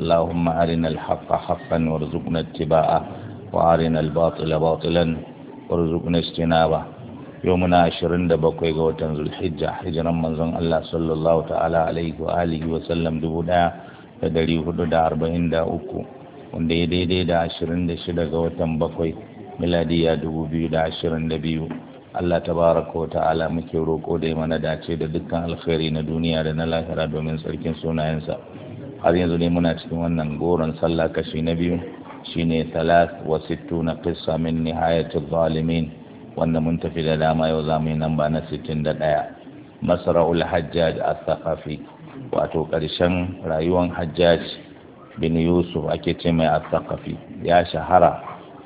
اللهم أرنا الحق حقا وارزقنا اتباعه وأرنا الباطل باطلا وارزقنا اجتنابه يومنا عشرين دبقوا يقوتن ذو الحجة حجرا من زن الله صلى الله تعالى عليه وآله وسلم دبودا فدري هدو دا أربعين دا أكو وندي دي دي دا عشرين دا شدا قوتن بقوي ميلادية دبو بيو دا عشرين دا بيو Allah tabaraka wa ta'ala muke roƙo da mana dace da dukkan alkhairi na duniya da na lahira domin sarkin sunayensa. har yanzu ne muna cikin wannan goron sallah kashi na biyu shine talat wa sittu na qissa min nihayatil zalimin wanda mun tafi da dama yau za mu yi namba na 61 masra'ul hajjaj as-saqafi wato karshen rayuwar hajjaj bin yusuf ake ce mai as-saqafi ya shahara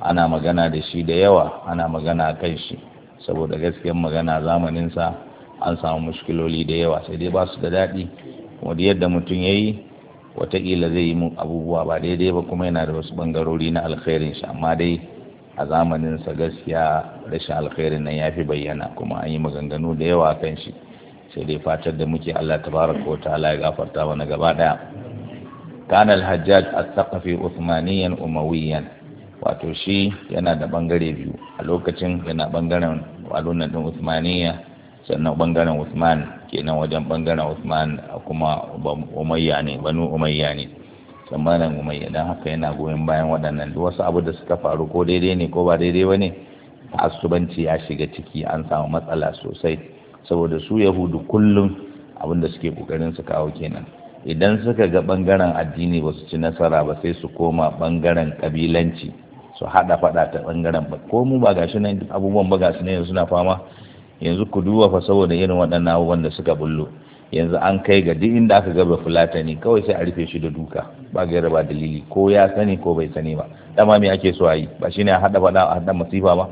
ana magana da shi da yawa ana magana a kan shi saboda gaskiyar magana zamaninsa an samu muskiloli da yawa sai dai ba su da daɗi wadda yadda mutum ya yi wataƙila zai yi mun abubuwa ba daidai ba kuma yana da wasu bangarori na alkhairin shi amma dai a zamanin sa gaskiya rashin alkhairin nan ya fi bayyana kuma an yi maganganu da yawa kan shi sai dai fatar da muke Allah tabaraka wa ta'ala ya gafarta mana gaba daya kana al-hajjaj al-thaqafi uthmaniyan umawiyan wato shi yana da bangare biyu a lokacin yana bangaren walunan din uthmaniya sannan bangaren usman kenan wajen bangaren usman kuma umayya ne banu umayya ne tsammanin umayya don haka yana goyon bayan waɗannan wasu abu da suka faru ko daidai ne ko ba daidai ba ne asubanci ya shiga ciki an samu matsala sosai saboda su yahudu kullum abin da suke kokarin su kawo kenan idan suka ga bangaren addini ba su ci nasara ba sai su koma bangaren kabilanci su haɗa fada ta bangaren ba ko mu ba gashi nan abubuwan ba gashi nan suna fama yanzu ku duba fa saboda irin waɗannan abubuwan da suka bullo yanzu an kai ga duk inda aka gaba fulatani kawai sai a rufe shi da duka ba gaira ba dalili ko ya sani ko bai sani ba dama me ake so a yi ba shine a haɗa faɗa a haɗa masifa ba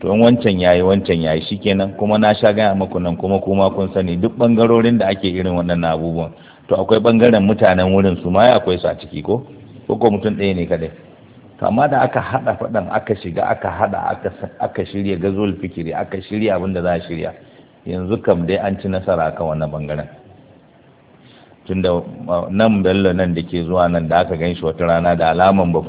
to in wancan yayi wancan yayi shikenan kuma na sha gaya maku nan kuma kuma kun sani duk bangarorin da ake irin waɗannan abubuwan to akwai bangaren mutanen wurin su ma akwai su a ciki ko ko mutum ɗaya ne kadai kama da aka hada fadan aka shiga aka hada aka shirya gazol fikiri aka shirya abinda za a shirya yanzu kam dai an ci nasara kan wannan bangaren tunda uh, nan bello nan da ke zuwa nan da aka ganshi wata rana da alaman ba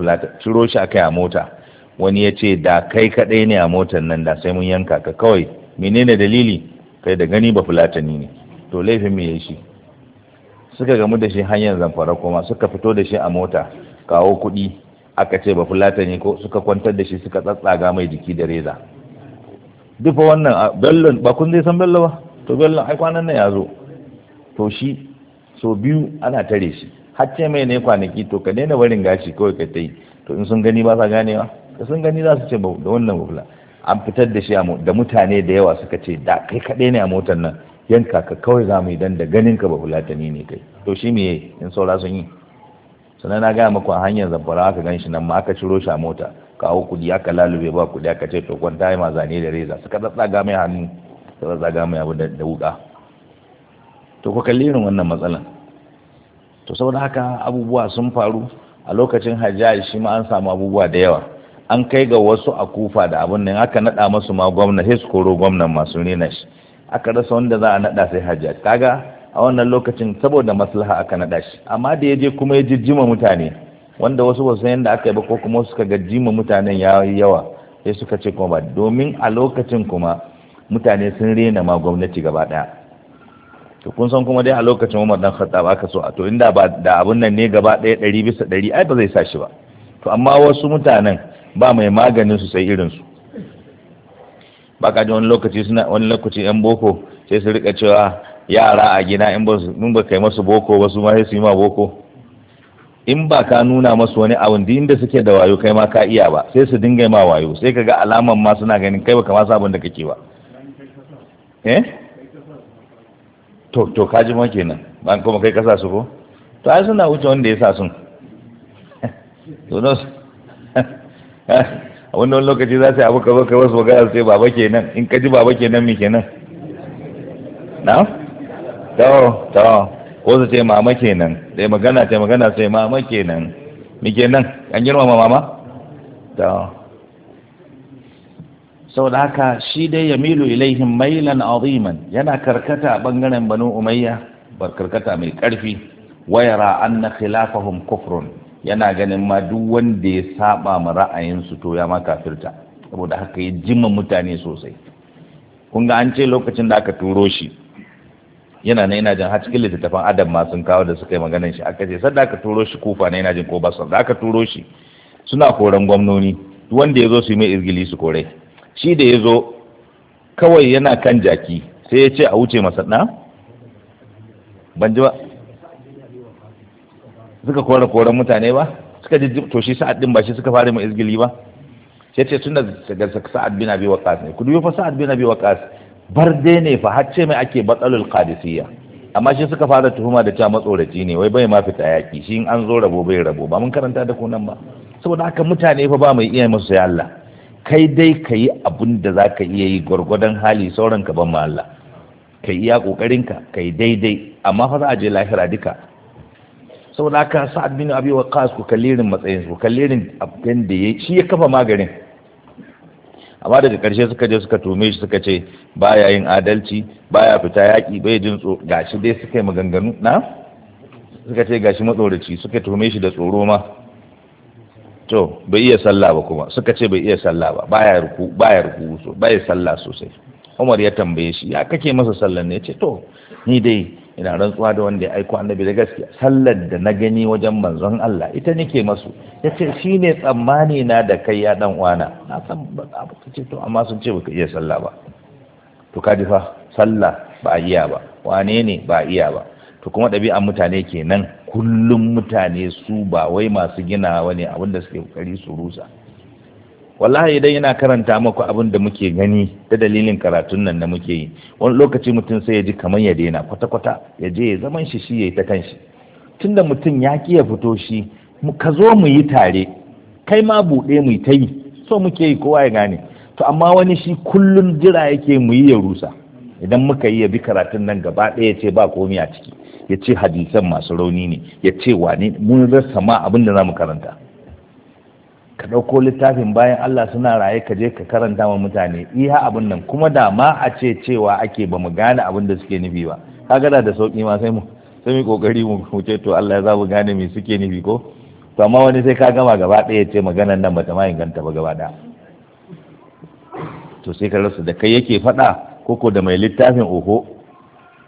ciro shi aka a mota wani ya ce da kai kaɗai ne a motar nan da sai mun yanka ka kawai menene dalili kai da gani ba ni ne to laifin me ya shi suka gamu da shi hanyar zamfara kuma suka fito da shi a mota kawo kuɗi aka ce ba fulata ne ko suka kwantar da shi suka tsatsaga mai jiki da reza dufa wannan a bellon ba kun zai san bello ba to bellon ai kwanan nan ya zo to shi so biyu ana tare shi har mai ne kwanaki to ka daina barin gashi kawai ka ta yi to in sun gani ba sa ganewa da sun gani za su ce da wannan bafula an fitar da shi da mutane da yawa suka ce da kai kaɗai ne a motar nan yanka ka kawai za mu yi dan da ganin ka ba fulatani ne kai to shi me in saura sun yi sannan na gaya maku a hanyar zamfara aka gan shi nan ma aka ciro shi a mota kawo kudi aka lalube ba kudi aka ce to kwanta ma zane da reza suka tsaga mai hannu suka tsaga mai abu da wuka to ku kalli irin wannan matsalan to saboda haka abubuwa sun faru a lokacin hajjaji shi ma an samu abubuwa da yawa an kai ga wasu a kufa da abin nan aka naɗa masu ma gwamna sai su koro gwamnan masu nuna shi aka rasa wanda za a naɗa sai hajjaji kaga a wannan lokacin saboda maslaha aka naɗa shi amma da ya je kuma ya jijjima mutane wanda wasu ba san yadda aka yi ba ko kuma suka ga jima mutanen ya yi yawa sai suka ce kuma ba domin a lokacin kuma mutane sun rena ma gwamnati gaba ɗaya to kun san kuma dai a lokacin Umar dan Khattab aka so a to inda ba da abun nan ne gaba ɗaya ɗari bisa ɗari ai ba zai sa shi ba to amma wasu mutanen ba mai maganin su sai irin su ba ka ji wani lokaci suna wani lokaci yan boko sai su rika cewa yara a gina in ba kai masu boko ba su ma sai su yi ma boko in ba ka nuna masu wani abin da inda suke da wayo kai ma ka iya ba sai su dinga ma wayo sai kaga alaman ma suna ganin kai baka ma abin da kake ba eh to to ka ji ma kenan Ba kuma kai kasa su ko to ai suna wuce wanda ya sa sun to no a wannan lokaci za su yi abu ka zo ka wasu ga sai baba kenan in ka ji baba kenan mi kenan na'am to to ko su ce mama kenan dai magana sai magana sai mama kenan mi kenan an girmama mama to saboda haka shi dai ya milu ilaihim mailan aziman yana karkata bangaren banu umayya bar karkata mai karfi wayara anna khilafahum kufrun yana ganin ma duk wanda ya saba ma ra'ayinsu to ya ma kafirta saboda haka ya jima mutane sosai kun ga an ce lokacin da aka turo shi yana nan yana jin har cikin littattafan adam ma sun kawo da suka yi maganar shi aka ce sadda aka turo shi kufa na yana jin ko basar da aka turo shi suna koran gwamnoni wanda ya zo su yi mai izgili su kore shi da ya zo kawai yana kan jaki sai ya ce a wuce masa ɗan ban ji ba suka kore koran mutane ba suka ji to shi sa'ad din ba shi suka fara mai izgili ba sai ce tunda daga sa'ad bin abi waqas ne ku dubi fa sa'ad bin abi waqas Bar dai ne fa har ce mai ake batsalul qadisiyya amma shi suka fara tuhuma da cewa matsoraci ne wai bai ma fita yaki shi in an zo rabo bai rabo ba mun karanta da ku nan ba saboda haka mutane fa ba mai iya musu yalla, Allah kai dai ka yi abin da za iya yi gwargwadon hali sauran ka ban ma Allah ka iya ƙoƙarinka ka yi daidai amma fa za a je lahira duka saboda haka sa'ad bin abi waqas ku kallirin matsayin ku kallirin abin da ya shi ya kafa maganin amma daga karshe suka je suka tume shi suka ce baya yin adalci baya fita yaƙi bai jin tso gashi dai suka yi maganganu na suka ce gashi matsoraci suka tume shi da tsoro ma to bai iya sallah ba kuma suka ce bai iya sallah ba baya ruku baya ruku so baya sallah sosai Umar ya tambaye shi ya kake masa sallan ne ya ce to ni dai ina rantsuwa da wanda ya aiko annabi da gaskiya sallar da na gani wajen manzon Allah ita nake masu ya ce shi ne tsammani na da kai ya dan uwana na san ba ka ce to amma sun ce baka iya sallah ba to ka fa sallah ba iya ba wane ne ba iya ba to kuma ɗabi'an mutane kenan kullum mutane su ba wai masu ginawa ne abinda suke kokari su rusa wallahi idan yana karanta maku abin da muke gani da dalilin karatun nan da muke yi wani lokaci mutum sai ya ji kamar ya daina kwata-kwata ya je ya zaman shi shi ya yi ta kanshi tunda mutum ya ki ya fito shi ka zo mu yi tare kai ma buɗe mu ta yi so muke yi kowa ya gane to amma wani shi kullum jira yake mu yi ya rusa idan muka yi ya bi karatun nan gaba ɗaya ce ba komi a ciki ya ce hadisan masu rauni ne ya ce wane mun rasa ma abin da za mu karanta ka ɗauko littafin bayan Allah suna raye ka je ka karanta wa mutane iya abin nan kuma da ma a ce cewa ake ba mu gane abin da suke nufi ba Ka gada da sauƙi ma sai mu sai mu kokari mu ce to Allah ya za mu gane me suke nufi ko to amma wani sai ka gama gaba ɗaya ce maganar nan bata ma inganta ba gaba ɗaya to sai ka rasa da kai yake faɗa koko da mai littafin oho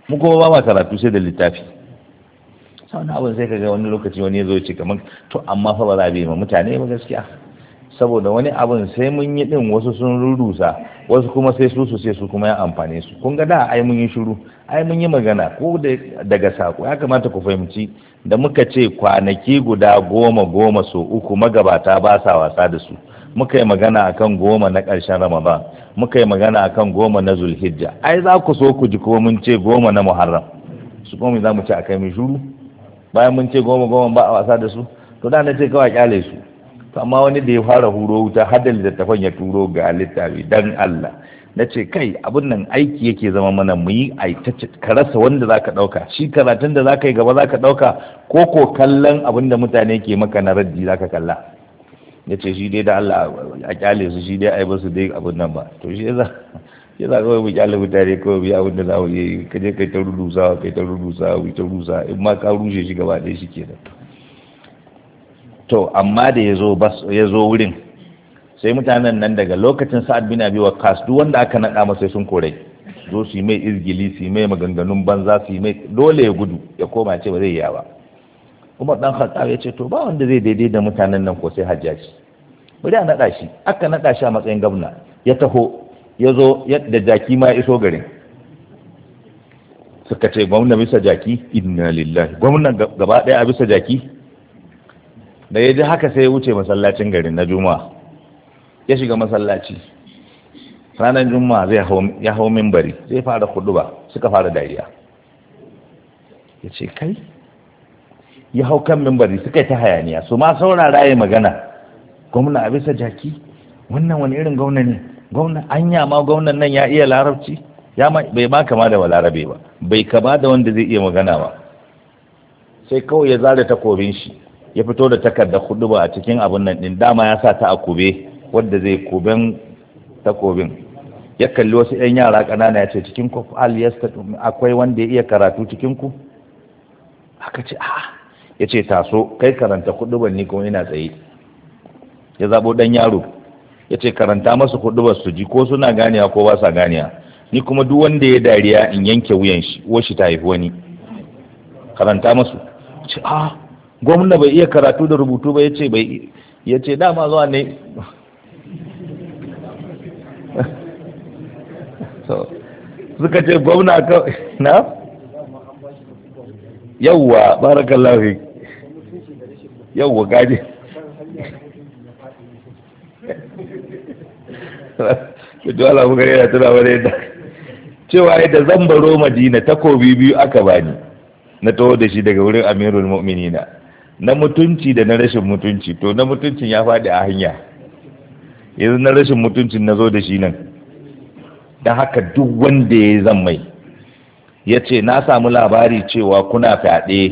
mu kuma ba ma karatu sai da littafi sau na abin sai ka ga wani lokaci wani ya zo ce kamar to amma fa ba za a bi ma mutane ba gaskiya saboda wani abin sai mun yi din wasu sun rurusa wasu kuma sai su su sai su kuma ya amfane su kun ga da ai mun yi shiru ai mun yi magana ko daga sako ya kamata ku fahimci da muka ce kwanaki guda goma goma so uku magabata ba sa wasa da su muka yi magana akan goma na ƙarshen ramadan muka yi magana akan goma na zulhijja ai za ku so ku ji ko mun ce goma na muharram su kuma za mu ce akai mun shiru bayan mun ce goma goma ba a wasa da su to da na ce kawai kyale su amma wani da ya fara huro wuta da littattafan ya turo ga littafi dan Allah na ce kai abin nan aiki yake zama mana mu yi aitace ka rasa wanda za ka ɗauka shi karatun da za ka yi gaba za ka ɗauka ko ko kallon abin da mutane ke maka na raddi za ka kalla ya ce shi dai da Allah a kyale su shi dai ai ba su dai abin nan ba to shi za ya za ka mu kyale mutane kawai mu abin da za mu yi ka je kai ta rudusawa kai ta rudusawa kai ta rudusawa in ma ka rushe shi gaba ɗaya shi kenan to amma da ya zo wurin sai mutanen nan daga lokacin sa'ad bin abi waqas duk wanda aka naɗa masa sai sun kore zo su yi mai izgili su yi mai maganganun banza su yi mai dole ya gudu ya koma ya ce ba zai yi ba kuma dan khattab ya ce to ba wanda zai daidai da mutanen nan ko sai hajjaji bari a naɗa shi aka naɗa shi a matsayin gwamna ya taho ya zo da jaki ma ya iso garin suka ce gwamna bisa jaki inna lillahi gwamnan gaba ɗaya a bisa jaki da ya ji haka sai ya wuce masallacin garin na juma'a ya shiga masallaci ranar juma'a zai ya hau mimbari zai fara ba, suka fara dariya ya ce kai ya hau kan mimbari suka yi ta hayaniya su ma saura ya magana gwamna a bisa jaki wannan wani irin gwamna ne gwamna an ma gwamnan nan ya iya larabci ya bai ma kama da walarabe ba bai kama da wanda zai iya magana ba sai kawai ya zare takobin shi ya fito da takarda ba a cikin abin nan din dama ya sa ta a kube wadda zai kuben takobin ya kalli wasu 'yan yara ƙanana ya ce cikin ku aliyasta akwai wanda ya iya karatu cikin ku aka ce a ya ce taso kai karanta kudubar ni kuma ina tsaye ya zabo ɗan yaro ya ce karanta hudu ba su ji ko suna ganiya ko ba sa ganiya ni kuma duk wanda ya dariya in yanke wuyan shi uwar shi ta haifi wani karanta masu ce a gwamna bai iya karatu da rubutu ba yace ce dama zuwa ne suka ce gwamna ka na yawwa barakan lafi yawwa gaji da dole mu gare da tuna wani da cewa yadda zan baro madina takobi biyu aka bani na taho da shi daga wurin amirul mu'minina na mutunci da na rashin mutunci to na mutuncin ya faɗi a hanya yanzu na rashin mutuncin na zo da shi nan Da haka duk wanda ya zan mai ya ce na samu labari cewa kuna fyaɗe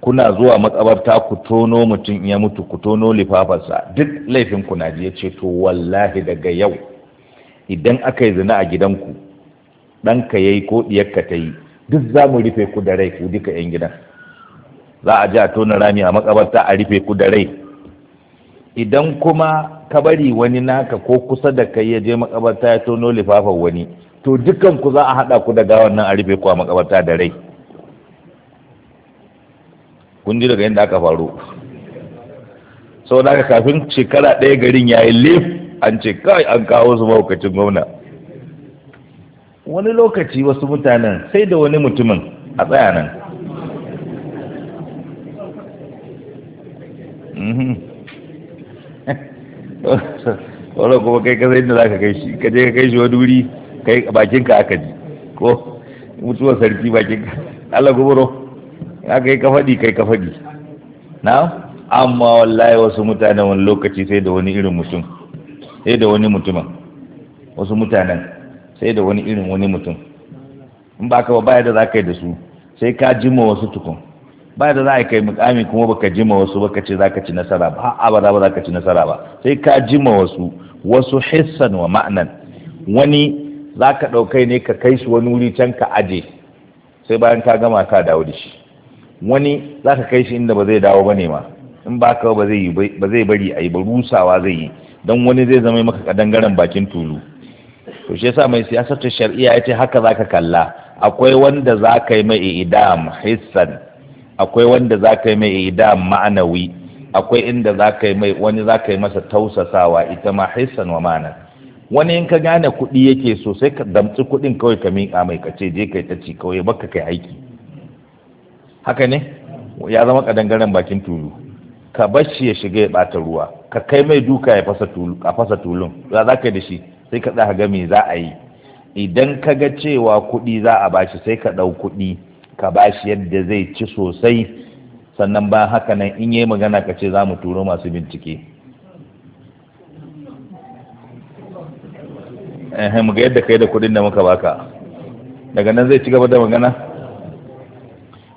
kuna zuwa matsabarta ku tono mutum ya mutu ku tono lifafarsa duk laifin ku na ya ce to wallahi daga yau idan aka yi zina a gidanku ɗanka ya yi ko ɗiyarka ta yi duk za mu rufe ku da rai ku duka 'yan gidan za a ji a tona rami a makabarta a rufe ku da rai idan kuma ka bari wani naka ko kusa da kai ya je makabarta ya tono lifafan wani to dukan ku za a haɗa ku da gawan nan a rufe ku a makabarta da rai kun ji daga yadda aka faru sau da kafin shekara ɗaya garin ya yi lif an ce kai an kawo su mahaukacin gwamna wani lokaci wasu mutanen sai da wani mutumin a tsaya nan wannan kuma kai ka inda za ka kai shi ka je ka kai shi wani wuri kai bakin ka aka ji ko mutuwa sarki bakin ka Allah gubaro ya kai ka faɗi kai ka faɗi na amma wallahi wasu mutane wani lokaci sai da wani irin mutum sai da wani mutumin wasu mutanen sai da wani irin wani mutum in ba ka ba ya da za ka yi da su sai ka jima wasu tukun ba da za a kai mukami kuma baka jima wasu baka ce za ka ci nasara ba ba za ba za ka ci nasara ba sai ka jima wasu wasu hissan wa ma'anan wani za ka ɗaukai ne ka kai shi wani wuri can ka aje sai bayan ka gama ka dawo da shi wani za ka kai shi inda ba zai dawo ba ne ma in ba ka ba zai bari a yi ba rusawa zai yi don wani zai zama maka kadangaren bakin tulu to shi yasa mai siyasar ta shari'a ya ce haka za ka kalla akwai wanda za ka yi mai idam hissan akwai wanda za ka yi mai ida ma'anawi akwai inda za ka yi mai wani za ka yi masa tausasawa ita ma hissan wa ma'ana wani in ka gane kuɗi yake so sai ka damtsi kuɗin kawai ka miƙa mai ka ce je kai ta ci kawai baka kai aiki haka ne ya zama kadangaren bakin tulu ka bashi ya shiga ya ɓata ruwa ka kai mai duka ya fasa tulun za za ka da shi sai ka tsaya ga me za a yi idan ka ga cewa kuɗi za a bashi sai ka ɗau kuɗi ka ba shi yadda zai ci sosai sannan ba haka nan in yi magana ka ce za mu turo masu bincike mu ga yadda kai da kudin da muka baka daga nan zai ci gaba da magana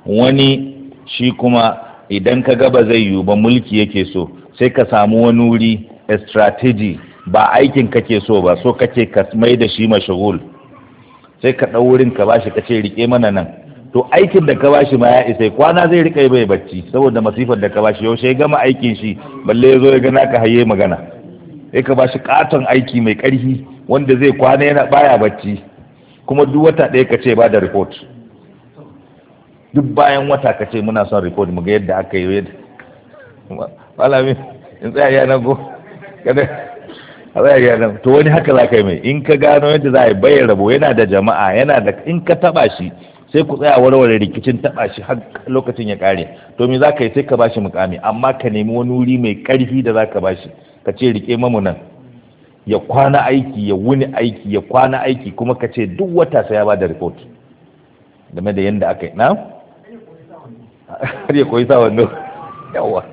wani shi kuma idan ka gaba zai yiwu ba mulki yake so sai ka samu wani wuri strategy ba aikin kake so ba so kake ka mai da shi mashagul sai ka ɗau wurin ka ba shi kace rike mana nan to aikin da ka bashi ma ya isa kwana zai rika yi bai bacci saboda masifar da ka bashi yaushe ya gama aikin shi balle ya zo ya gana ka haye magana sai ka bashi katon aiki mai karfi wanda zai kwana yana baya bacci kuma duk wata ɗaya ka ce ba da report duk bayan wata ka ce muna son report mu ga yadda aka yi yadda malami in tsaya ya nan ko kada a tsaya ya nan to wani haka za ka yi mai in ka gano yadda za a yi bayyana rabo yana da jama'a yana da in ka taba shi sai ku tsaya warware rikicin taɓa shi har lokacin ya ƙare. to me zaka yi sai ka bashi mukami amma ka nemi wani wuri mai ƙarfi da zaka bashi ka ce rike mamu nan ya kwana aiki ya wuni aiki ya kwana aiki kuma ka ce duk wata sai ya bada report game da yanda aka yi na har ya koyi sa wannan yawa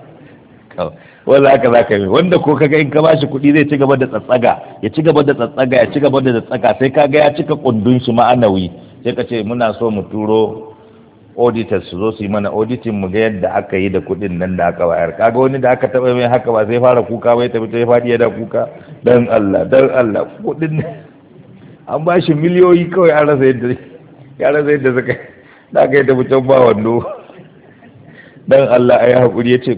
wanda haka za ka yi wanda ko kaga in ka bashi kuɗi zai ci gaba da tsatsaga ya ci gaba da tsatsaga ya ci gaba da tsatsaga sai kaga ya cika kundun shi ma'anawi sai ka ce muna so mu turo auditors su zo su yi mana auditing mu ga yadda aka yi da kuɗin nan da aka bayar kaga wani da aka taɓa mai haka ba sai fara kuka ya tafi ta faɗi yana kuka dan Allah dan Allah kuɗin an ba shi miliyoyi kawai an rasa yadda ya rasa yadda suka da aka yi tafi can ba wando dan Allah ai hakuri yace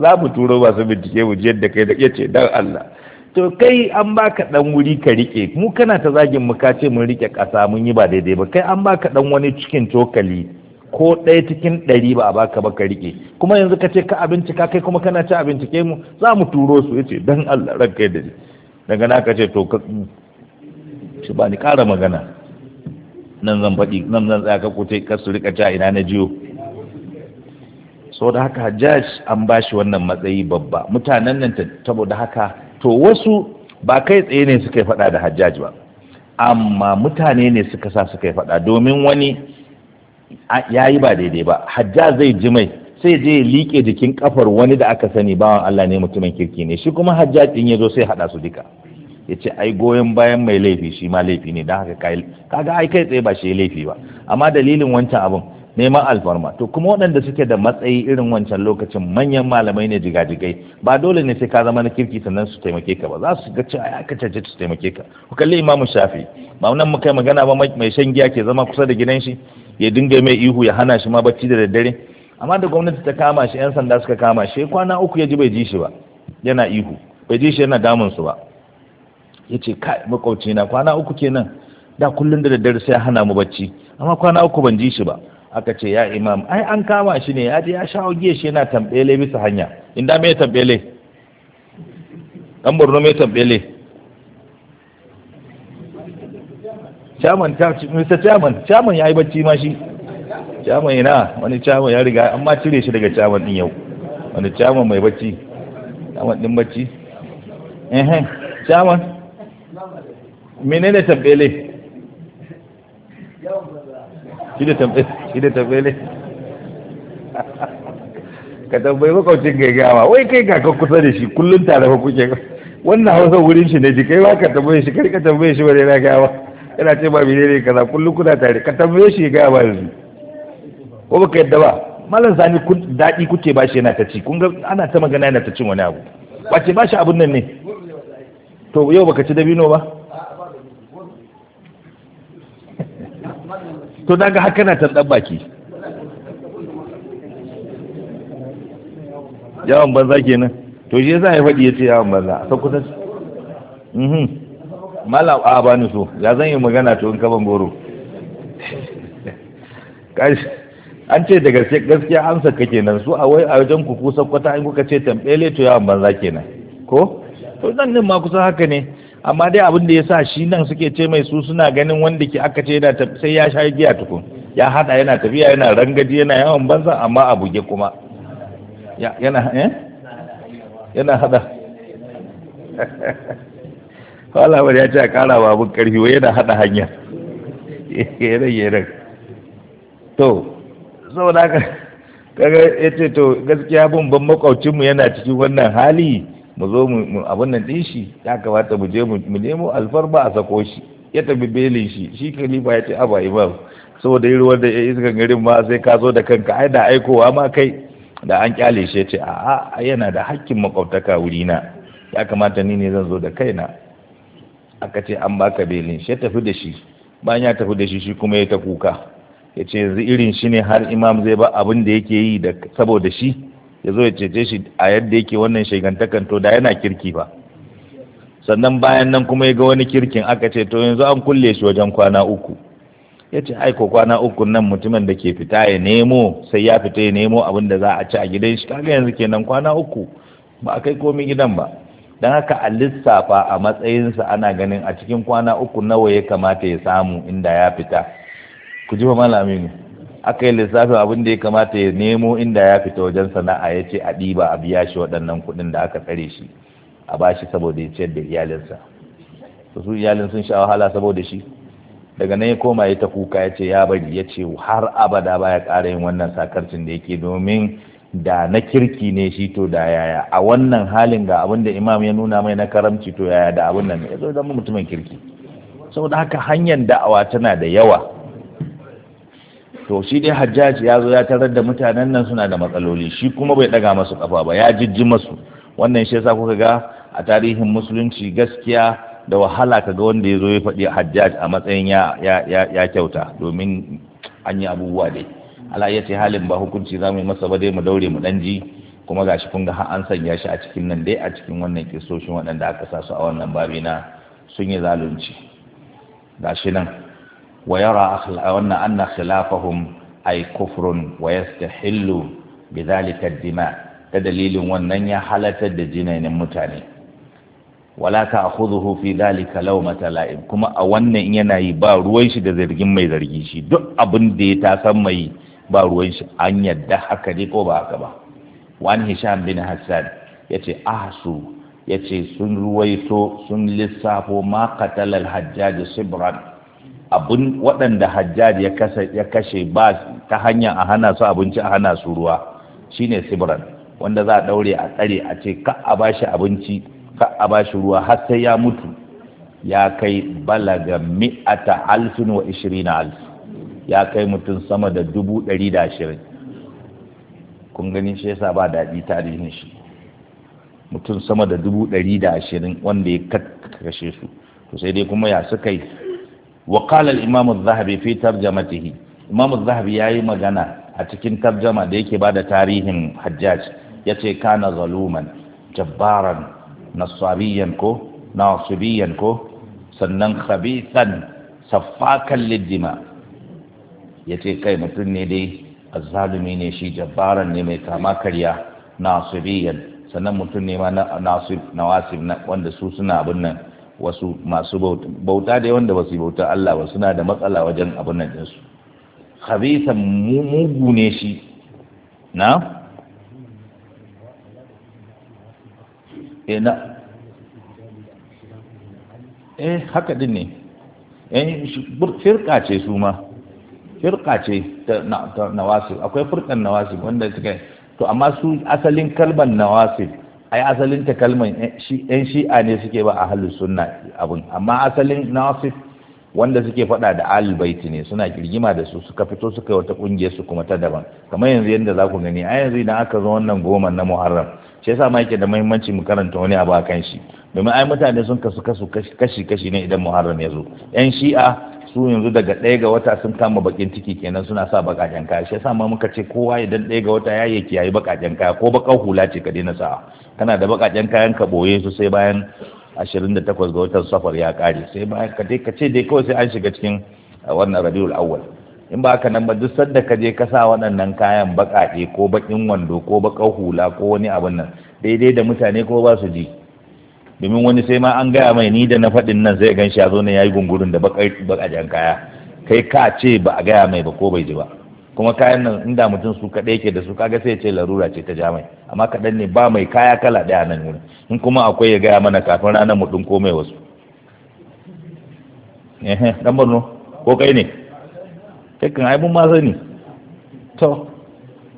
za mu turo ba su bincike mu je yadda kai da yace dan Allah to kai an baka dan wuri ka rike mu kana ta zagin mu ka ce mun rike kasa mun yi ba daidai ba kai an baka dan wani cikin cokali ko ɗaya cikin ɗari ba a baka ba ka rike kuma yanzu ka ce ka abinci ka kai kuma kana ci abinci ke mu za mu turo su yace dan Allah ranka da ni daga na ka ce to ka shi ba ni ƙara magana nan zan faɗi nan zan tsaya ka kuce ka su rika ci ina na jiyo saboda haka Hajjaj an bashi wannan matsayi babba mutanen nan saboda haka to wasu ba kai tsaye ne suka yi faɗa da hajjaji ba amma mutane ne suka sa suka yi faɗa domin wani ya yi ba daidai ba hajja zai ji mai sai je liƙe jikin kafar wani da aka sani bawan Allah ne mutumin kirki ne shi kuma hajja ɗin ya zo sai haɗa su duka ya ce ai goyon bayan mai laifi shi ma laifi ne don haka kaga ai kai tsaye ba shi laifi ba amma dalilin wancan abin neman alfarma to kuma waɗanda suke da matsayi irin wancan lokacin manyan malamai ne jigajigai ba dole ne sai ka zama na kirki sannan su taimake ka ba za su ga cewa ya ka su taimake ka ku kalli imamu shafi ba nan mu kai magana ba mai shan giya ke zama kusa da gidan shi ya dinga mai ihu ya hana shi ma bacci da daddare amma da gwamnati ta kama shi yan sanda suka kama shi kwana uku ya ji bai ji shi ba yana ihu bai ji shi yana damun su ba ya ce kai makwabci na kwana uku kenan da kullum da daddare sai ya hana mu bacci amma kwana uku ban ji shi ba aka ce ya imam ai an kama shi ne ya je ya shawo giya shi yana tambele bisa hanya inda me tambele dan borno me tambele chairman mr chairman chairman ya yi bacci ma shi chairman yana wani chairman ya riga amma cire shi daga chairman din yau wani chairman mai bacci chairman din bacci eh chairman menene tambele shi da ne ka tambayi makwacin ga gama wai kai ka kan kusa da shi kullum tare ba kuke wannan hausa wurin shi ne ji kai ba ka tambaye shi kai ka tambaye shi bare na gama yana ce ba mene ne kaza kullum kuna tare ka tambaye shi ga ba yanzu ko baka yadda ba malam sani daɗi kuke ba shi yana ta ci kun ga ana ta magana yana ta cin wani abu ba ce ba shi abun nan ne to yau baka ci dabino ba to na ga haka na tantan baki yawan banza kenan to shi yasa ya faɗi ya ce yawan banza A ta mhm malam a ba ni so ya zan yi magana to in kaban goro an ce daga gaske gaskiya amsa ka kenan su a wai a wajen ku kusa sakwata in kuka ce tambele to yawan banza kenan ko to nan ma kusa haka ne amma dai abin da ya sa shi nan suke ce mai su suna ganin wanda ke aka ce yana sai ya sha giya tukun ya hada yana tafiya yana rangaji yana yawan banza amma a buge kuma yana eh? yana hada wala bari ya ce a kara wa abin karfi wai yana hada hanya yere yere to saboda haka kaga yace to gaskiya bin ban makwabcinmu yana cikin wannan hali mu zo mu abin nan din shi ya kamata mu je mu nemo alfarma a sako shi ya tafi belin shi shi kalifa ya ce aba imam saboda yi ruwan da ya iska garin ma sai ka zo da kanka ai da aikowa ma kai da an kyale shi ya a a'a yana da hakkin makwabtaka wurina ya kamata ni ne zan zo da kaina aka ce an baka belin shi ya tafi da shi bayan ya tafi da shi shi kuma ya ta kuka ya ce yanzu irin shi ne har imam zai ba abin da yake yi saboda shi ya zo ya cece shi a yadda yake wannan shigantakan to da yana kirki ba sannan bayan nan kuma ya ga wani kirkin aka ce to yanzu an kulle shi wajen kwana uku ya ce aiko kwana uku nan mutumin da ke fita ya nemo sai ya fita ya nemo abin da za a ci a gidan shi kaga yanzu kenan kwana uku ba a kai komi gidan ba don haka a lissafa a matsayinsa ana ganin a cikin kwana uku nawa ya kamata ya samu inda ya fita ku ji fa malami ne aka yi lissafin abin da ya kamata ya nemo inda ya fita wajen sana'a ya ce a ɗiba a biya shi waɗannan kuɗin da aka tsare shi a ba shi saboda ya ciyar da iyalinsa to su iyalin sun sha wahala saboda shi daga nan ya koma ya ta kuka ya ce ya bari ya ce har abada ba ya ƙara yin wannan sakarcin da yake domin da na kirki ne shi to da yaya a wannan halin ga abin da imam ya nuna mai na karamci to yaya da abin nan ya zo zama mutumin kirki saboda haka hanyar da'awa tana da yawa to shi dai hajjaji ya zo ya tarar da mutanen nan suna da matsaloli shi kuma bai daga masu kafa ba ya jijji masu wannan shi yasa kuka ga a tarihin musulunci gaskiya da wahala kaga wanda ya zo ya faɗi hajjaj a matsayin ya ya kyauta domin an yi abubuwa dai ala ya ce halin ba hukunci za mu yi masa ba dai mu daure mu dan ji kuma gashi kun ga har an sanya shi a cikin nan dai a cikin wannan kisoshin waɗanda aka sasu a wannan babi na sun yi zalunci gashi nan wa yara wannan anna khilafahum ay kufrun wa yastahillu bidhalika ad-dima ta dalilin wannan ya halatar da jinainin mutane wala ta'khudhuhu fi dhalika lawmata la'im kuma a wannan yanayi ba ruwan shi da zargin mai zargi shi duk abin da ya tasan mai ba ruwan shi an yarda haka ne ko ba haka ba wani hisham bin hassan yace ahsu yace sun ruwaito sun lissafo ma qatalal hajjaj sibran Abin waɗanda hajjaj ya kashe ba ta hanyar a hana su abinci a hana su ruwa shine sibran wanda za a ɗaure a tsare a ce ka a bashi abinci ka a bashi ruwa har sai ya mutu ya kai balaga mi'ata alfin wa ishirina alf ya kai mutum sama da dubu ɗari da ashirin kun gani shi yasa ba daɗi tarihin shi mutum sama da dubu ɗari da ashirin wanda ya kashe su to sai dai kuma ya suka yi wa qala al-imam az-zahabi fi tarjamatihi imam az-zahabi yayi magana a cikin tarjama da yake bada tarihin hajjaj yace kana zaluman jabbaran nasariyan ko nasibiyan ko sannan khabithan saffakan liddima yace kai mutum ne dai azzalumi ne shi jabbaran ne mai kama karya nasibiyan sannan mutum ne ma nasib nawasib wanda su suna abin nan wasu masu bauta bauta da wanda ba su bauta Allah ba suna da matsala wajen abin nan dinsu khabisan mugu ne shi na eh na eh haka din ne eh firka ce su ma firka ce ta nawasib akwai firkan nawasib wanda suka to amma su asalin kalban nawasib ai asalin ta yan shi'a ne suke ba a halin sunna abun amma asalin nasif wanda suke fada da albaiti ne suna kirgima da su suka fito suka yi wata kungiyar su kuma ta daban kamar yanzu yadda za ku gani a yanzu idan aka zo wannan goma na muharram shi yasa ma yake da muhimmanci mu karanta wani abu kan shi domin ai mutane sun kasu kasu kashi kashi ne idan muharram ya zo yan shi'a su yanzu daga ɗaya ga wata sun kama bakin ciki kenan suna sa bakaken kaya shi yasa ma muka ce kowa idan ɗaya ga wata ya yi bakaken kaya ko bakar hula ce ka daina sa'a kana da bakaken kayan ka boye su sai bayan 28 ga watan safar ya kare sai bayan ka ka ce dai kawai sai an shiga cikin wannan rabiul awwal in ba haka nan ba duk sanda ka je ka sa waɗannan kayan bakaɗe ko bakin wando ko bakar hula ko wani abin nan daidai da mutane ko ba su ji domin wani sai ma an gaya mai ni da na faɗin nan zai gan shi ya zo ne ya yi gungurin da bakajen kaya kai ka ce ba a gaya mai ba ko bai ji ba kuma kayan nan inda mutum su kaɗai yake da su kaga sai ce larura ce ta jamai amma kaɗan ne ba mai kaya kala ɗaya nan wurin in kuma akwai ya gaya mana kafin ranar mu ko mai wasu ɗan borno ko kai ne kakan ai mun ma sani to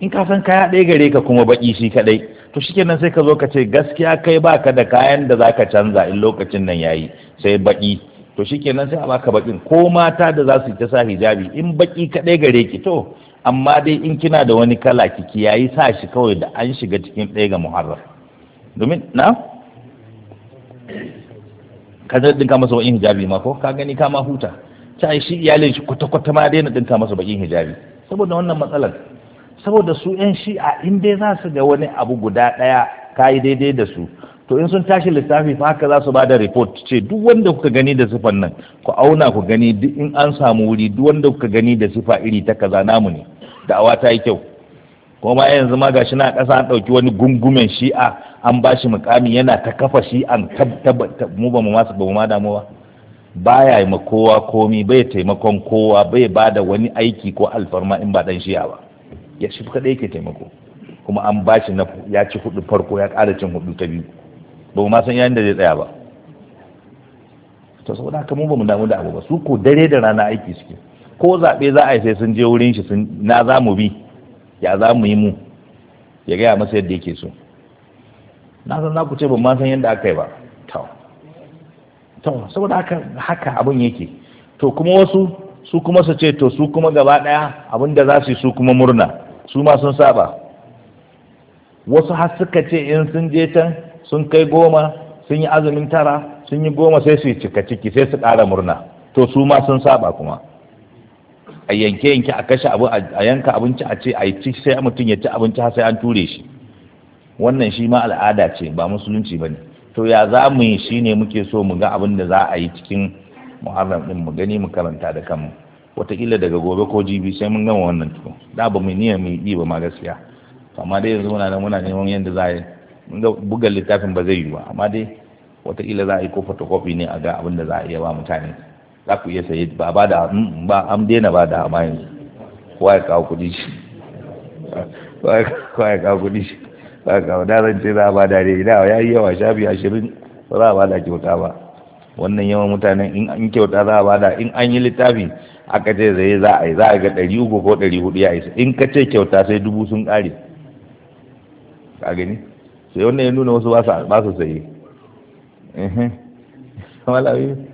in ka san kaya ɗaya gare ka kuma baƙi shi kaɗai to shikenan sai ka zo ka ce gaskiya kai baka da kayan da zaka canza in lokacin nan yayi sai baƙi to shikenan sai a baka baƙin ko mata da za su yi ta sa hijabi in baƙi kaɗai gare ki to amma dai in kina da wani kala kiki yayi sa shi kawai da an shiga cikin ɗaya ga muharram domin na ka zai dinka masa bakin hijabi ma ko ka gani ka ma huta ta shi iyalin shi kwata-kwata ma daina dinka masa bakin hijabi saboda wannan matsalar saboda su yan shi'a in dai za su ga wani abu guda ɗaya ka yi daidai da su to in sun tashi lissafi fa haka za su ba da report ce duk wanda kuka gani da sifan nan ku auna ku gani duk in an samu wuri duk wanda kuka gani da sifa iri ta kaza namu ne da'awa ta yi kyau kuma yanzu ma gashi na ƙasa an ɗauki wani gungumen shi'a an ba shi mukami yana ta kafa shi'an mu ba mu masu ba mu ma damuwa baya yi ma kowa komi bai taimakon kowa bai ba wani aiki ko alfarma in ba dan shi'a ba ya shi kaɗai yake taimako kuma an ba shi na ya ci hudu farko ya ƙara cin hudu ta biyu ba mu ma san yayin da zai tsaya ba to saboda haka mu ba mu damu da abu ba su ko dare da rana aiki suke ko zaɓe za a yi sai sun je wurin shi sun na za mu bi ya za mu yi mu ya gaya masa yadda yake so na san za ku ce ban ma san yadda aka yi ba to saboda haka haka abin yake to kuma wasu su kuma su ce to su kuma gaba ɗaya abin da za su yi su kuma murna su ma sun saba wasu har suka ce in sun je can sun kai goma sun yi azumin tara sun yi goma sai su yi cika ciki sai su ƙara murna to su ma sun saba kuma a yanke yanke a kashe abu a yanka abinci a ce a yi ci sai mutum ya ci abinci har sai an ture shi wannan shi ma al'ada ce ba musulunci ba ne to ya za mu yi shi ne muke so mu ga abin da za a yi cikin muharram din mu gani mu karanta da kanmu wataƙila daga gobe ko jibi sai mun gama wannan tuko da ba mu niyyar mu yi ba ma gaskiya amma dai yanzu muna nan muna neman yadda za a yi mun ga buga littafin ba zai yi ba amma dai wataƙila za a yi ko photocopy ne a ga abin da za a iya ba mutane za ku iya saye ba ba da ba an daina ba da amma yanzu kowa ya kawo kudi shi kowa ya kawo kudi shi ba ya kawo da zan ce za a ba da dai da ya yi yawa shafi ashirin ba za a ba da kyauta ba wannan yawan mutanen in an kyauta za a ba da in an yi littafi aka ce zai za a yi za a ga ɗari uku ko ɗari hudu ya isa in ka ce kyauta sai dubu sun ƙare ka gani sai wannan ya nuna wasu ba su saye malami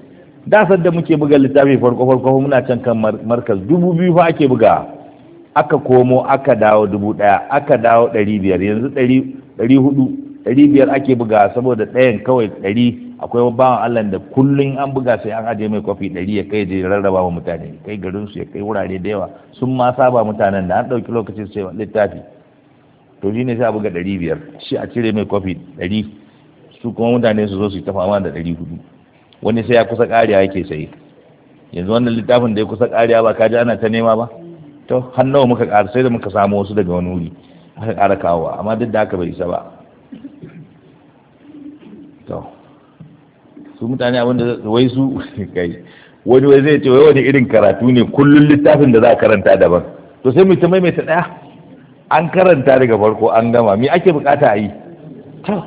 da da muke buga littafi farko farko muna can kan markas dubu biyu fa ake buga aka komo aka dawo dubu daya aka dawo ɗari biyar yanzu ɗari hudu ɗari biyar ake buga saboda ɗayan kawai ɗari akwai bawan allah da kullum an buga sai an ajiye mai kwafi ɗari ya kai je rarraba wa mutane kai garin su ya kai wurare da yawa sun ma saba mutanen da an ɗauki lokacin sai littafi to shi sai a buga ɗari biyar shi a cire mai kwafi ɗari su kuma mutane su zo su yi tafama da ɗari hudu wani sai ya kusa ƙariya yake sayi yanzu wannan littafin da ya kusa ƙariya ba ka ji ana ta nema ba to hannawa muka ƙara sai da muka samu wasu daga wani wuri aka ƙara kawo amma duk da haka bai isa ba to su mutane abin da wai su kai wani wai zai ce wai wani irin karatu ne kullum littafin da za a karanta daban to sai mu ta maimaita ɗaya an karanta daga farko an gama me ake bukata a yi to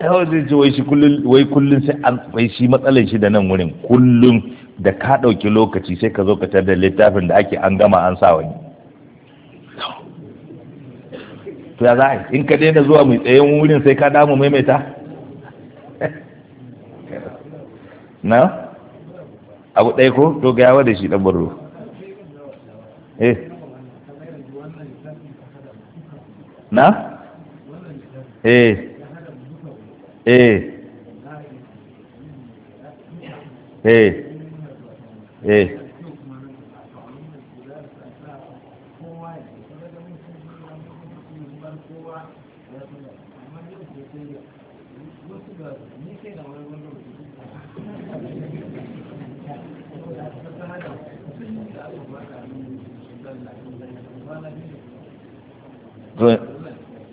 yawon wai kullum sai an wai shi matsalar shi da nan wurin kullum da ka ɗauki lokaci sai ka zo ka tar da littafin da ake an gama an sa wani to ya za in ka daina zuwa mai tsayen wurin sai ka damu maimaita na abu ɗaya ko to ga yawa da shi ɗan barro eh na eh eh eh eh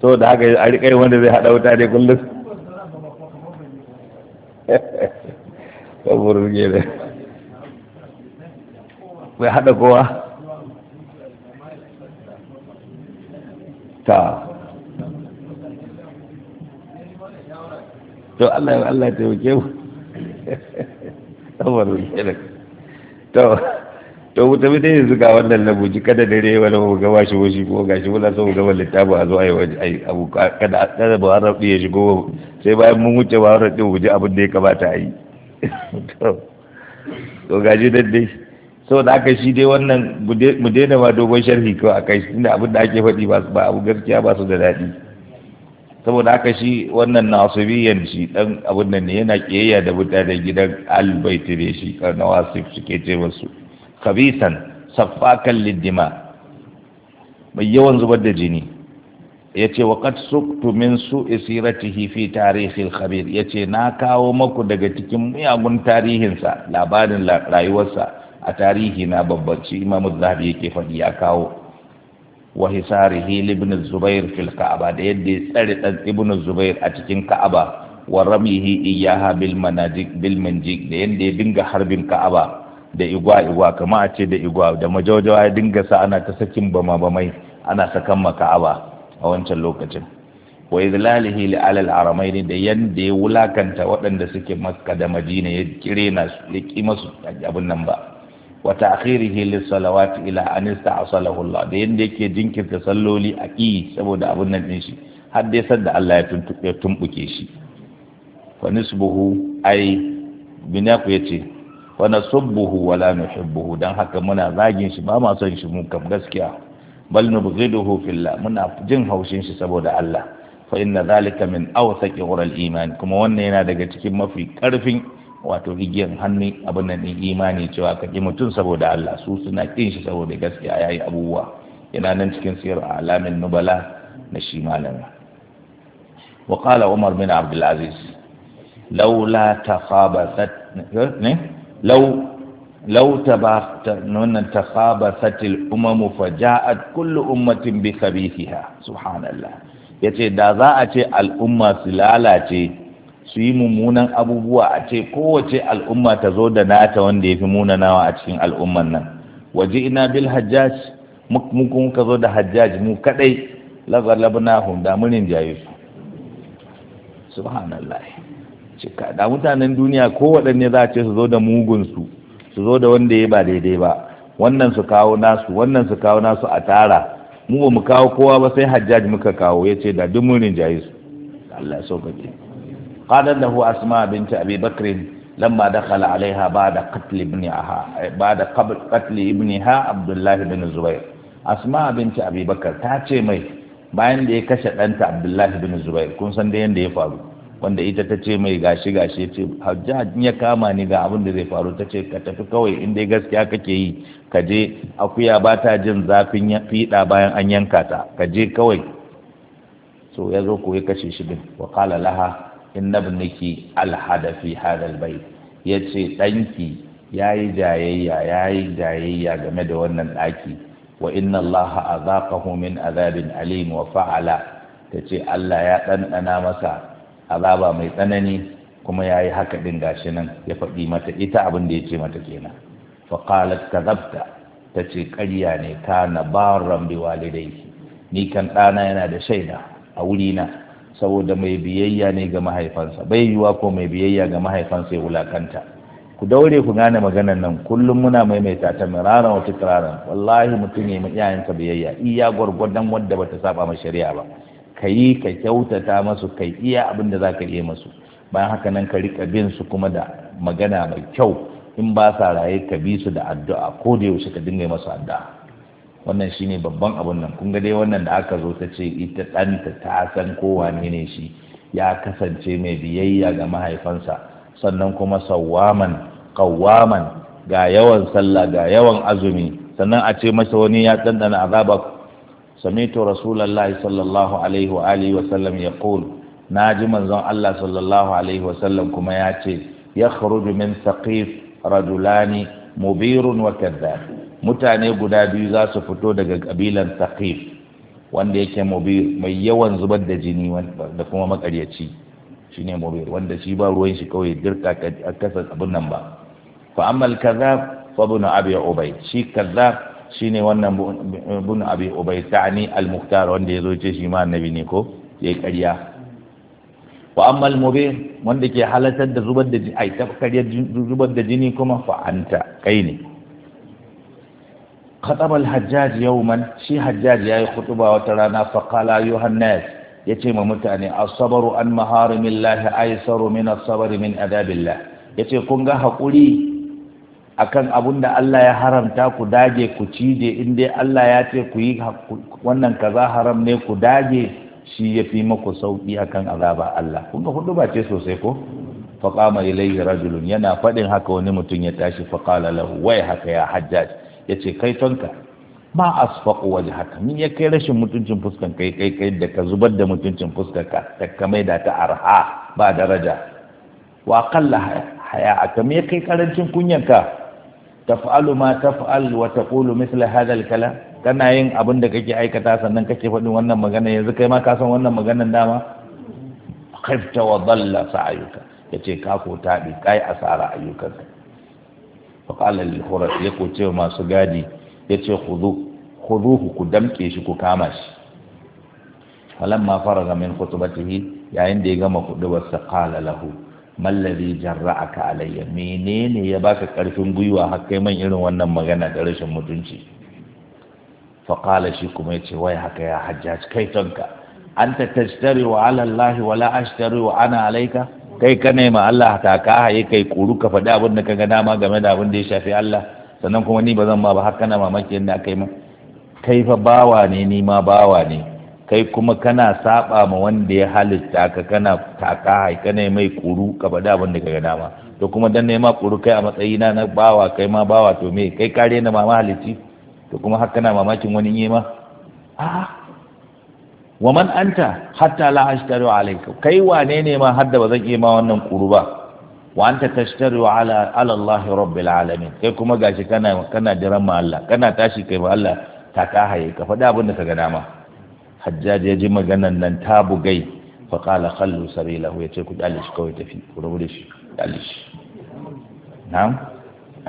to da haka a rikai wanda zai haɗa wuta dai kullum kaburin gere bai haɗa kowa ta to Allah ya Allah ya taimake mu kaburin to to mu tafi dai yanzu ga wannan labuji kada dare wani mu gaba shi washi ko shi muna so mu ga a littafi a zo ai abu kada kada ba har ya shigo sai bayan mun wuce ba har mu ji abin da ya kamata a yi to gaji shi dai so da aka shi dai wannan mu daina ma dogon sharhi kawai a kai tunda abin da ake faɗi ba abu gaskiya ba su da daɗi saboda aka shi wannan nasibiyan shi dan abun nan ne yana kiyayya da mutanen gidan albaiti ne shi nawasif suke ce masu kabisan saffakan liddima mai yawan zubar da jini ya ce wa kad suktu min su isiratihi fi tarihil khabir ya ce na kawo maku daga cikin miyagun tarihinsa labarin rayuwarsa a tarihi na babbanci imamu zahabi yake faɗi ya kawo wa hisarihi ibn zubair fil ka'aba da yadda ya tsare dan ibn zubair a cikin ka'aba wa ramihi iyaha bil manajik bil manjik da yadda ya dinga harbin ka'aba da igwa igwa kama a ce da igwa da majawajawa ya dinga sa ana ta sakin bama bamai ana sakan maka'aba a wancan lokacin wa izlalihi li alal ne da yanda ya wulakanta waɗanda suke makka da madina ya kire na ya masu abin nan ba wa ta'khirihi lis salawati ila an a Allah da yanda yake jinkirta salloli a ki saboda abin nan din shi har dai sanda Allah ya tumbuke shi fa nisbuhu ai binaku ce. wa nasubbuhu wa la nuhibbuhu dan haka muna zagin shi ba ma son shi mu kam gaskiya bal nubghiduhu fillah muna jin haushin shi saboda Allah fa inna zalika min awsaqi ghuril iman kuma wannan yana daga cikin mafi karfin wato rigiyar hannu abin nan imani cewa ka ki mutum saboda Allah su suna kin shi saboda gaskiya yayi abubuwa yana nan cikin sirr alamin nubala na shi malama وقال عمر umar عبد العزيز لولا laula eh, ne lau lau ba wannan tasabasatil umamu faja'at kullu ummatin bi khabithiha subhanallah yace da za a ce al'umma su lalace su yi mummunan abubuwa a ce kowace al'umma ta zo da nata wanda ya fi munanawa a cikin al'umman nan waje ina bil hajjaj mu ka zo da hajjaj mu kadai lagarlabnahum da munin jayisu subhanallah cika da mutanen duniya ko waɗanne za a ce su zo da mugunsu su zo da wanda ya ba daidai ba wannan su kawo nasu wannan su kawo nasu a tara mu ba mu kawo kowa ba sai hajjaj muka kawo ya ce da duk mun rinjaye su Allah ya sauƙaƙe da lahu asma binti abi bakr lamma dakhala alaiha ba'da qatl ibniha ba'da qatl ibniha abdullah ibn zubair asma binti abi bakr ta ce mai bayan da ya kashe ɗanta abdullah ibn zubair kun san da yanda ya faru wanda ita ta ce mai gashi gashi ce hajjaj ya kama ni ga abin da zai faru ta ce ka tafi kawai in dai gaskiya kake yi ka je akuya ba ta jin zafin fiɗa bayan an yanka ta ka je kawai so ya zo ko kashe shi din wa qala laha inna ibniki alhada fi hadha albayt yace danki yayi jayayya yayi jayayya game da wannan ɗaki. wa inna allaha azaqahu min azabin alim wa fa'ala tace Allah ya ɗanɗana masa azaba mai tsanani kuma ya yi haka ɗin gashi nan ya faɗi mata ita abin da ya ce mata kenan faƙalat ka zabta ta ce ƙarya ne ka na baran bi walidai ni kan ɗana yana da shaida a wurina saboda mai biyayya ne ga mahaifansa bai yiwuwa ko mai biyayya ga mahaifansa ya wulakanta ku daure ku gane maganar nan kullum muna maimaita ta miraran wata kiraran wallahi mutum ya yi iyayensa biyayya iya gwargwadon wanda bata saba ma shari'a ba ka yi ka kyautata masu kai iya abin da za ka iya masu bayan haka nan ka riƙa bin su kuma da magana mai kyau in ba sa raye ka bi su da addu'a ko da yaushe ka dinga masu addu'a wannan shine babban abun nan kun ga dai wannan da aka zo ta ce ita ɗanta ta san ko wane ne shi ya kasance mai biyayya ga mahaifansa sannan kuma sawaman kawaman ga yawan sallah ga yawan azumi sannan a ce masa wani ya ɗanɗana azaba سمعت رسول الله صلى الله عليه وآله وسلم يقول ناجي من زن الله صلى الله عليه وسلم كما ياتي يخرج من ثقيف رجلان مبير وكذاب mutane guda biyu za su fito daga kabilan saqif wanda yake mubir mai yawan zubar da jini da kuma makaryaci shine mubir wanda shi ba ruwan shi kawai dirka a kasa abin nan ba fa amma al-kadhab fa ibn abi ubayd shi kadhab shine wannan bin abi ubay ta'ni al muktar wanda ya zo shi ma annabi ne ko yi karya. wa amma al wanda ke halatar da zubar da ai ta ƙarya zubar da jini kuma fa kai ne Katsabar al-hajjaj man, shi hajjaj yayi khutuba wata rana fa qala ya yace ma mutane asabaru sabru an maharimillahi aysaru min as min adabillah yace kun ga hakuri akan abun da Allah ya haramta ku dage ku cije in dai Allah ya ce ku yi wannan kaza haram ne ku dage shi ya fi maku sauki akan azaba Allah kun ga hudu ba ce sosai ko faqama ilayhi rajulun yana faɗin haka wani mutum ya tashi faqala lahu wai haka ya hajjaj yace kai tonka ma asfaqu wajhaka min ya kai rashin mutuncin fuskan kai kai kai da ka zubar da mutuncin ka ta kamai da ta arha ba daraja wa aqalla haya aka me kai karancin kunyanka taf'alu ma taf'al wa taqulu mithla hadha al-kalam kana yin abin da kake aikata sannan kake faɗin wannan magana yanzu kai ma ka san wannan maganar dama khifta wa dhalla sa'yuka yace ka ko tabi kai asara ayyukanka fa qala lil khurat yako ce masu gadi yace khudhu khuduhu ku damke shi ku kama shi falamma faraga min khutbatihi yayin da ya gama kudubar sa qala lahu jarra jarra'aka alayya menene ya baka karfin gwiwa har kai man irin wannan magana da rashin mutunci fa shi kuma ya ce, wai haka ya hajjaj kai tonka anta tashtari wa ala allahi wa la ashtari wa ana alayka kai ka nema Allah ta ka haye kai kuru ka faɗi abin da ka ga dama game da abin da ya shafi Allah sannan kuma ni ba zan ma ba har kana mamaki yadda aka ma kai fa bawa ne ni ma bawa ne kai kuma kana saba ma wanda ya halitta ka kana taka hai kana mai kuru ka faɗi abin da ka ga dama to kuma dan nema kuru kai a matsayina na bawa kai ma bawa to me kai kare na mama halitti to kuma har kana mamakin wani yi ma a wa man anta hatta la ashtaru alayka kai wane ne ma da ba zan iya ma wannan kuru ba wa anta tashtaru ala ala Allah rabbil alamin kai kuma gashi kana kana jiran ma Allah kana tashi kai ma Allah ta ka haye ka faɗi abin da ka ga dama hajjaj ya ji maganan nan ta bugai fa qala khallu sabilahu yace ku dale shi kawai tafi ku rabu shi dale shi na'am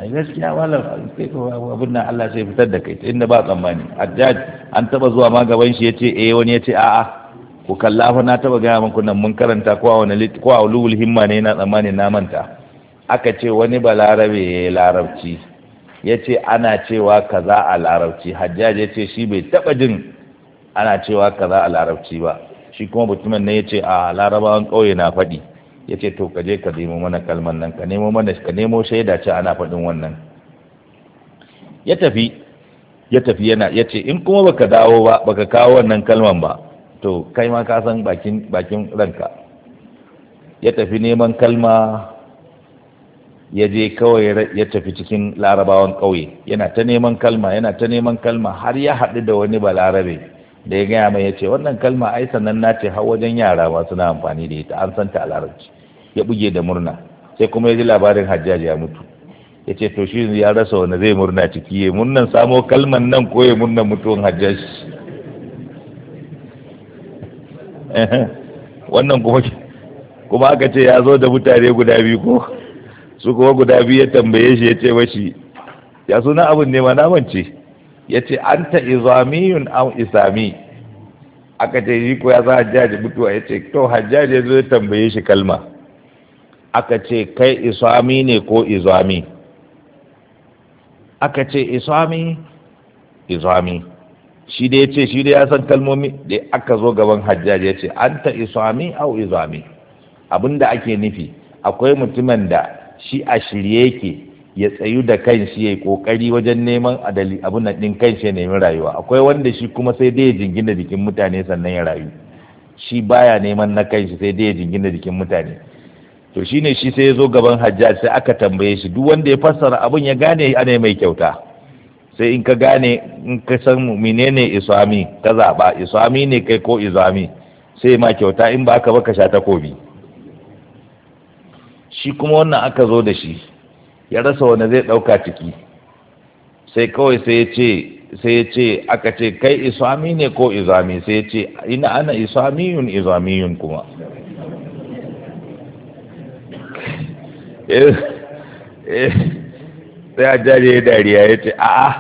ai gaskiya wala sai ko abun nan Allah sai fitar da kai inda ba tsammani hajjaj an taba zuwa ma gaban shi yace eh wani yace a'a ku kalla fa na taba gaya muku kunan mun karanta ko a wani ko a ulul himma ne na tsammani na manta aka ce wani balarabe ya yi larabci ya ce ana cewa kaza a larabci hajjaj ya ce shi bai taba jin ana cewa kaza a larabci ba shi kuma mutumin ne ya ce a larabawan kauye na faɗi ya ce to ka ka nemo mana kalman nan ka nemo mana ka nemo shaida ce ana faɗin wannan ya tafi ya tafi yana ya ce in kuma baka dawo ba baka kawo wannan kalman ba to kai ma ka san bakin bakin ranka ya tafi neman kalma ya je kawai ya tafi cikin larabawan kauye. yana ta neman kalma yana ta neman kalma har ya haɗu da wani balarabe da ya gaya mai ya ce wannan kalma ai sannan na ce har wajen yara ma suna amfani da ita an santa a larabci ya buge da murna sai kuma ya ji labarin hajjaj ya mutu ya ce to shi ya rasa wani zai murna ciki ya murnan samo kalman nan ko ya murna mutuwan hajjaj wannan kuma kuma aka ce ya zo da mutane guda biyu ko su kuma guda biyu ya tambaye shi ya ce mashi ya suna abin ne ma mance ya ce an ta izamiyun an isami aka ce yi ko ya za hajjaji mutuwa ya ce to hajjaji ya zo ya tambaye shi kalma aka ce kai isami ne ko izami aka ce isami izami shi da ya ce shi da ya san kalmomi da aka zo gaban hajjaji ya ce an ta isami au izami abinda ake nufi akwai mutumin da shi a shirye yake ya tsayu da kanshi ya yi kokari wajen neman adali abin nan din kanshi ya nemi rayuwa akwai wanda shi kuma sai dai ya jingina jikin mutane sannan ya rayu shi baya neman na kanshi sai dai ya jingina jikin mutane to shine shi sai ya zo gaban hajjaj sai aka tambaye shi duk wanda ya fassara abin ya gane ne mai kyauta sai in ka gane in ka san menene iswami ka zaba "Iswami ne kai ko izami sai ma kyauta in ba ka ba ka sha takobi shi kuma wannan aka zo da shi ya rasa wani zai ɗauka ciki sai kawai sai ya ce sai ya ce aka ce kai iswami ne ko izami sai ya ce ina ana iswamiyun izamiyun kuma eh, eh, sai a jari ya dariya ya ce a'a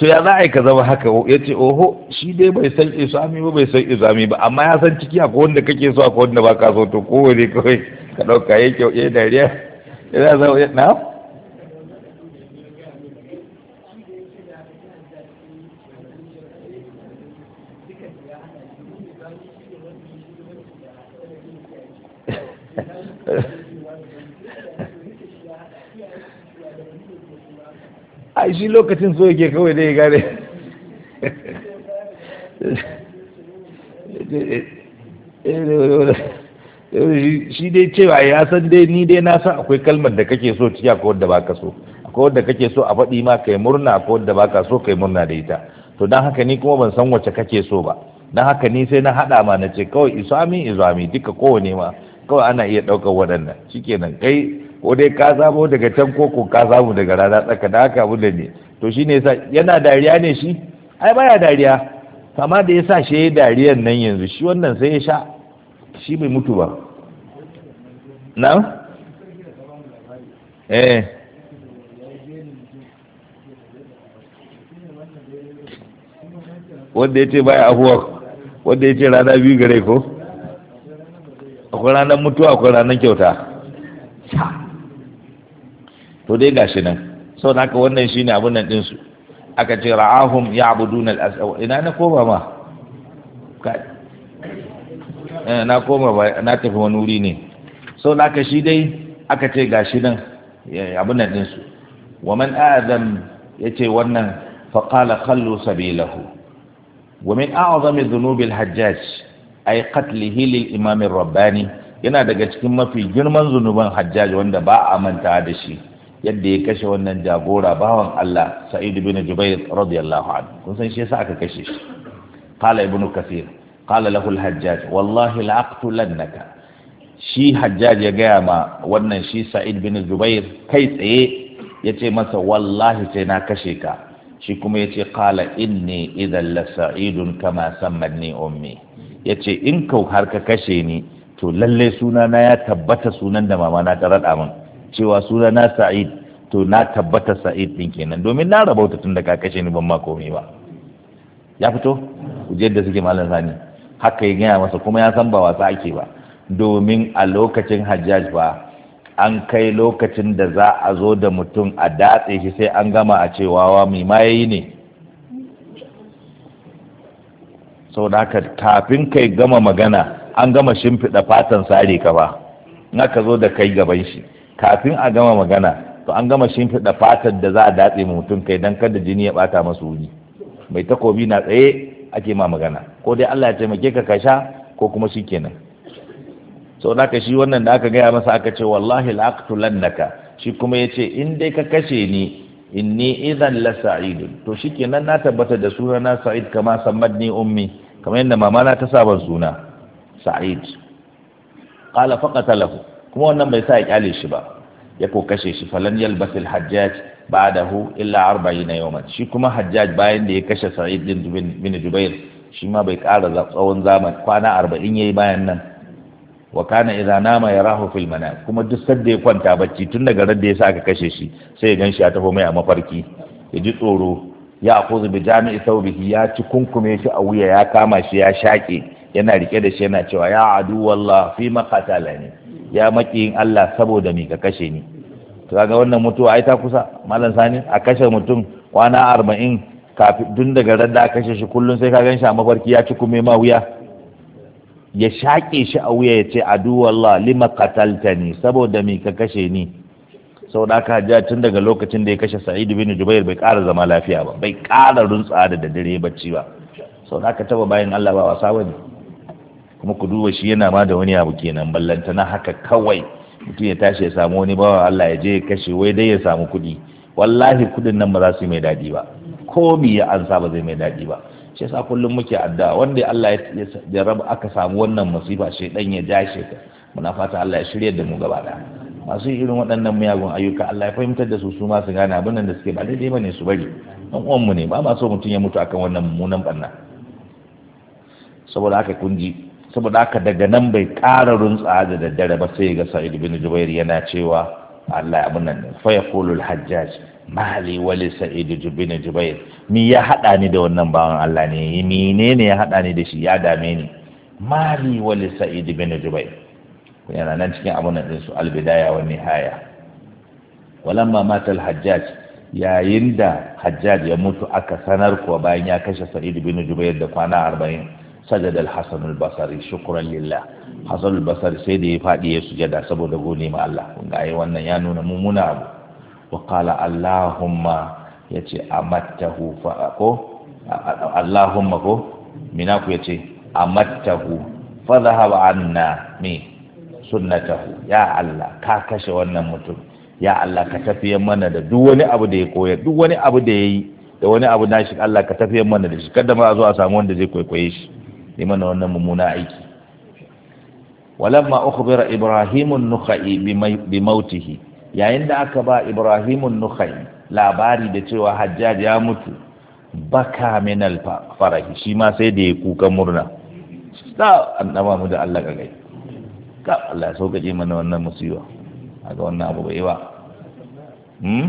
to ya za a yi ka zama haka ya ce oho shi dai bai san iswami ba bai san izami ba amma ya san ciki akwai wanda kake so akwai wanda ba ka so to kowane kawai ka ɗauka ya kyau ya dariya Ina za a na? a shi lokacin so yake kawai da ya gane eh shi dai cewa ya san dai ni dai na san akwai kalmar da kake so ciki akwai wadda baka so akwai wadda kake so a faɗi ma kai murna akwai wadda baka so kai murna da ita to dan haka ni kuma ban san wacce kake so ba dan haka ni sai na haɗa ma na ce kawai isami izami duka kowane ma kawai ana iya ɗaukar waɗannan shikenan kai ko dai ka samo daga can ko ko ka samu daga rana tsaka da haka abin da ne to shine ne yana dariya ne shi ai baya dariya amma da ya sa shi yayi dariyan nan yanzu shi wannan sai ya sha shi bai mutu ba na? eh wanda ya ce baya abuwa wanda ya ce rana biyu gare ko akwai ranar mutuwa akwai ranar kyauta to dai shi nan sau da aka wannan shi abun nan ɗinsu aka ce ra'ahum ya abudu na ina na koma ma Eh, na koma na tafi wani wuri ne so naka shi dai aka ce gashi nan abin nan ɗinsu wa man ya ce wannan faƙala kallo sabilahu wa min a'azami zunubil hajjaj ay qatlihi lil imam rabbani yana daga cikin mafi girman zunuban hajjaj wanda ba a manta da shi yadda ya kashe wannan jagora bawan Allah Sa'id bin Jubair radiyallahu anhu kun san shi yasa aka kashe shi qala ibn kathir Ƙala lahul al-hajjaj wallahi la'aqtulannaka shi hajjaj ya gaya ma wannan shi sa'id bin zubair kai tsaye ya ce masa wallahi sai na kashe ka shi kuma ya ce qala inni idan la sa'idun kama sammanni ummi ya ce in ka har ka kashe ni to suna na ya tabbata sunan da mama na ta raɗa min cewa na sa'id to na tabbata sa'id ɗin kenan domin na rabauta tun da ka kashe ni ban ma komai ba ya fito ku da suke malam sani haka ya gaya masa kuma ya san ba wasa ake ba domin a lokacin hajjaj ba an kai lokacin da za a zo da mutum a datse shi sai an gama a cewa wa mai ma yi ne sau da haka kafin kai gama magana an gama shimfiɗa fatan sare ka ba in aka zo da kai gaban shi kafin a gama magana to an gama shimfiɗa fatan da za a datse mutum kai don kada jini ya bata masu wuni mai takobi na tsaye ake ma magana ko dai Allah ya taimake ka kasha ko kuma shi kenan sau da ka shi wannan da aka gaya masa aka ce wallahi la'aqtulannaka shi kuma ya ce in dai ka kashe ni inni idan la sa'idun to shikenan na tabbata da suna na sa'id kama sammadni ummi kamar yadda mama na ta saban suna sa'id qala faqatalahu kuma wannan bai sa ya kyale shi ba ya ko kashe shi falan yalbasil hajjaj ba'dahu illa 40 yawman shi kuma hajjaj bayan da ya kashe sa'id bin jubair shi ma bai ƙara tsawon zaman kwana 40 yayi bayan nan wa kana idza nama yarahu fil manam kuma duk sadda ya kwanta bacci tun daga ran da ya sa kashe shi sai ya ganshi ya taho mai a mafarki ya ji tsoro ya akuzu bi jami'i thawbihi ya ci kunkume shi a wuya ya kama shi ya shaƙe yana rike da shi yana cewa ya adu wallahi fi maqatalani ya makiyin Allah saboda me ka kashe ni kaga wannan mutuwa ai ta kusa malam sani a kashe mutum kwana arba'in kafin tun daga ran da kashe shi kullum sai ka gan shi a mafarki ya ci kume ma wuya ya shaƙe shi a wuya ya ce aduwallah lima ni, saboda mi ka kashe ni sau da aka ja tun daga lokacin da ya kashe sa'idu bin jubair bai ƙara zama lafiya ba bai ƙara runtsa da daddare bacci ba sau da aka taba bayan allah ba wasa bane kuma ku duba shi yana ma da wani abu kenan ballanta na haka kawai mutum ya tashi ya samu wani bawa Allah ya je ya kashe wai dai ya samu kuɗi wallahi kuɗin nan ba za su yi mai daɗi ba ko mi ya ansa ba zai mai daɗi ba shi yasa kullum muke addu'a wanda Allah ya raba aka samu wannan masifa shi dan ya ja shi muna fata Allah ya shirya da mu gaba da masu irin waɗannan miyagun ayyuka Allah ya fahimtar da su su ma su gane abin da suke ba daidai bane su bari dan uwan mu ne ba ma so mutum ya mutu akan wannan mummunan banna saboda haka kun saboda haka daga nan bai ƙara runtsa da daddare ba sai ga sa'id bin jubair yana cewa Allah ya munan fa yaqulu al-hajjaj mali wali sa'id bin jubair Ni ya hada ni da wannan bawan Allah ne menene ya hada ni da shi ya dame ni mali wali sa'id bin jubair yana nan cikin abun nan su al-bidaya wa nihaya walamma mata al-hajjaj yayin da hajjaj ya mutu aka sanar kuwa bayan ya kashe sa'id bin jubair da kwana arba'in sajada al-hasan al-basri shukran lillah hasan al-basri sai da ya fadi ya sujada saboda gode ma Allah ga ai wannan ya nuna mummuna abu wa qala allahumma yace amattahu fa ko allahumma ko mina ku yace amattahu fa dhahaba anna mi sunnatahu ya Allah ka kashe wannan mutum ya Allah ka tafiye mana da duk wani abu da ya koya duk wani abu da ya yi da wani abu na nashi Allah ka tafiye mana da shi kada ma a zo a samu wanda zai kwaikwaye shi liman wannan mummuna aiki walamma ukhbira ibrahimun nukhai bi mautihi yayin da aka ba ibrahimun nukhai labari da cewa hajjaj ya mutu baka min farahi shi ma sai da ya kuka murna ta annaba mu da Allah kagai ka Allah so kaje mana wannan musiba aga wannan abu bai ba hmm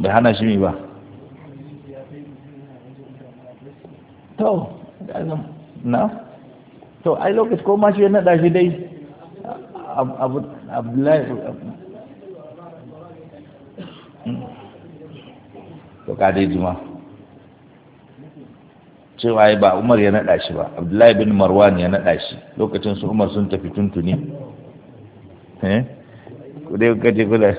bai hana shi ba to na to ai lokaci ko ma shi yana da shi dai abdullahi hmm. to ka dai juma cewa ai ba umar ya nada shi ba abdullahi bin marwan ya nada shi lokacin su umar sun tafi tuntuni eh ku dai kaje kula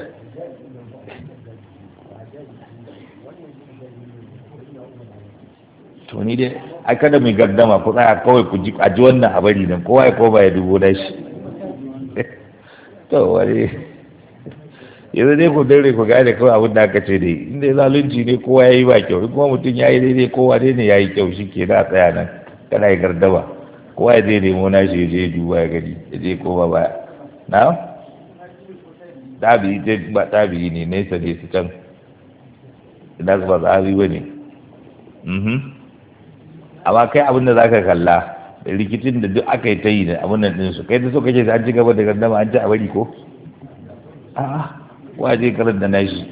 to ni dai ai kada mu gardama ku tsaya kawai ku ji a ji wannan bari nan kowa ya koma ya dubo da shi to wani yanzu dai ku dare ku gane kawai abin da aka ce dai inda zalunci ne kowa ya yi ba kyau kuma mutum ya yi daidai kowa dai ne ya yi kyau shi ke na tsaya nan kana yi gardama kowa ya zai nemo na shi ya je duba ya gani ya je koma baya na tabi ba tabi ne nesa ne su can ina ba zahabi ba ne mhm amma kai abin da zaka kalla rikicin da duk aka yi ta yi da abin nan ɗinsu kai da so kake an ci gaba da gandama an ci a bari ko a'a waje karar da nashi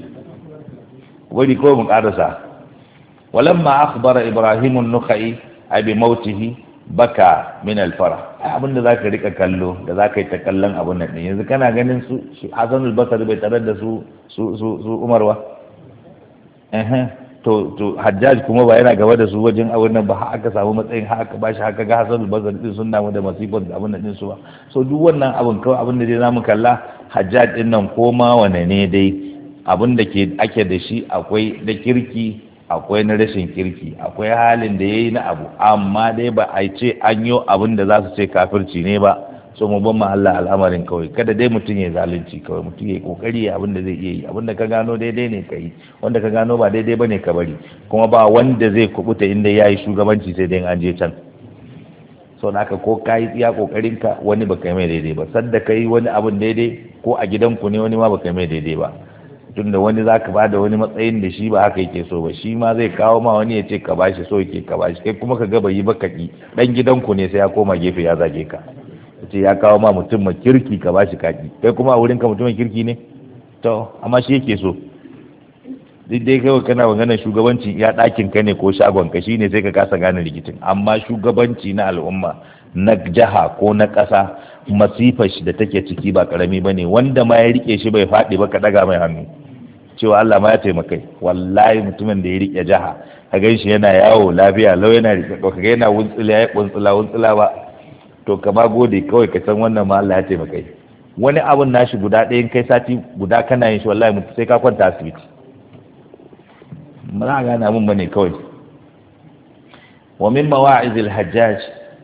bari ko mu karasa walamma akhbara ibrahim an-nukhai abi mautihi baka min al-farah abin da zaka rika kallo da zaka yi ta kallon abin nan ɗin yanzu kana ganin su hasanul basri bai tarar da su su su Umar wa to to hajjaj kuma ba yana gaba da su wajen abin nan ba har aka samu matsayin har aka bashi haka ga hasan albazar din sun damu da masifan da abin din su ba so duk wannan abin kawai abin da dai zamu kalla hajjaj din nan ko ma wane ne dai Abun da ke ake da shi akwai da kirki akwai na rashin kirki akwai halin da yayi na abu amma dai ba a ce an yi abin da za su ce kafirci ne ba so mu ban Allah al'amarin kawai kada dai mutum ya zalunci kawai mutum ya kokari abin da zai iya yi abin da ka gano daidai ne ka yi wanda ka gano ba daidai bane ka bari kuma ba wanda zai kubuta inda yayi shugabanci sai dai an je can so da aka ko kayi iya kokarin ka wani baka mai daidai ba sadda kai wani abin daidai ko a gidan ku ne wani ma baka mai daidai ba tunda wani zaka bada wani matsayin da shi ba haka yake so ba shi ma zai kawo ma wani ya ce ka bashi so yake ka bashi kai kuma ka ga bai yi ba ka ɗan dan ku ne sai ya koma gefe ya zage ka ce ya kawo ma mutum ma kirki ka ba shi kaki kai kuma a mutum mutumin kirki ne to amma shi yake so duk dai kawai kana maganar shugabanci ya dakin ka ne ko shagon ka ne sai ka kasa gane rikicin amma shugabanci na al'umma na jaha ko na ƙasa masifar shi da take ciki ba karami ba ne wanda ma ya rike shi bai faɗi ba ka ɗaga mai hannu cewa Allah ma ya taimakai wallahi mutumin da ya rike jaha ka gan shi yana yawo lafiya lau yana rike ka ga yana wuntsula ya wuntsula wuntsula ba to kama gode kawai ka san wannan ma Allah ya taimakai. wani abun nashi guda ɗayan kai sati guda kana yin shi wallahi mutu sai ka kwanta asibiti mana gana mun bane kawai wa min mawa'izil hajjaj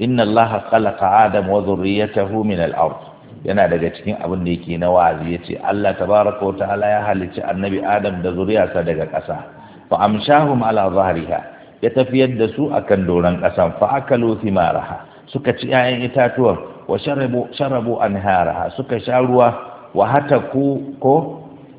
inna Allah khalaqa adam wa dhurriyyatahu min al-ard yana daga cikin abin da yake na wa'azi yace Allah tabaraka wa ta'ala ya halicci annabi adam da zuriyarsa daga ƙasa fa amshahum ala zahriha ya tafiyar da su akan doron ƙasan fa akalu thimaraha suka ci 'ya'yan itatuwan wa sharabu sharabu anharaha suka sha ruwa wa hataku ko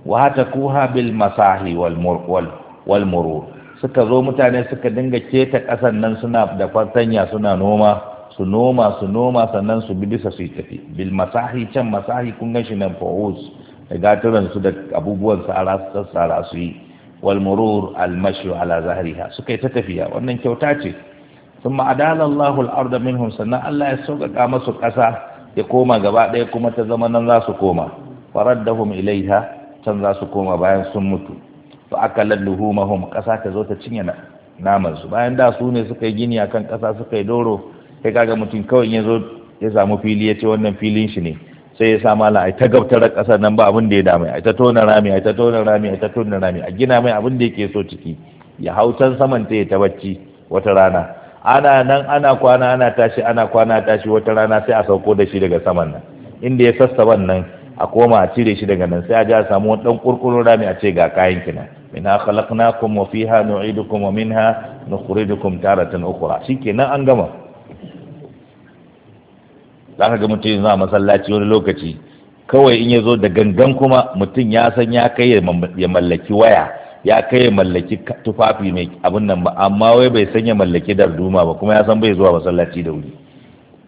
wa bil masahi wal murwal suka zo mutane suka dinga keta kasan nan suna da fartanya suna noma su noma su noma sannan su bi bisa su yi tafi bil masahi can masahi kun gan shi nan fa'us da da abubuwan sara sassara su yi wal murur al mashu ala zahriha suka yi ta tafiya wannan kyauta ce sun ma'adala Allahul arda minhum sannan Allah ya sauƙaƙa masu ƙasa ya koma gaba ɗaya kuma ta zama nan za su koma hum ilaiha can za su koma bayan sun mutu fa akalat hum ƙasa ta zo ta cinye naman su bayan da su ne suka yi gini akan ƙasa suka yi doro sai kaga mutum kawai ya zo ya samu fili ya ce wannan filin shi ne sai ya sa mala ai ta gabtar ƙasar nan ba abin da ya dame ai ta tona rami ai ta tona rami ai ta tona rami a gina mai abin da yake so ciki ya hau can saman ta ya ta bacci wata rana ana nan ana kwana ana tashi ana kwana tashi wata rana sai a sauko da shi daga saman nan inda ya sassaban nan a koma a cire shi daga nan sai a ji a samu wani dan kurkuru rami a ce ga kayan kina ina khalaqnakum wa fiha nu'idukum wa minha nukhrijukum taratan ukhra shikenan an gama zaka ga mutum yana masallaci wani lokaci kawai in ya zo da gangan kuma mutum ya san ya kai ya mallaki waya ya kai ya mallaki tufafi mai abin nan ba amma wai bai sanya ya mallaki darduma ba kuma ya san bai zuwa masallaci da wuri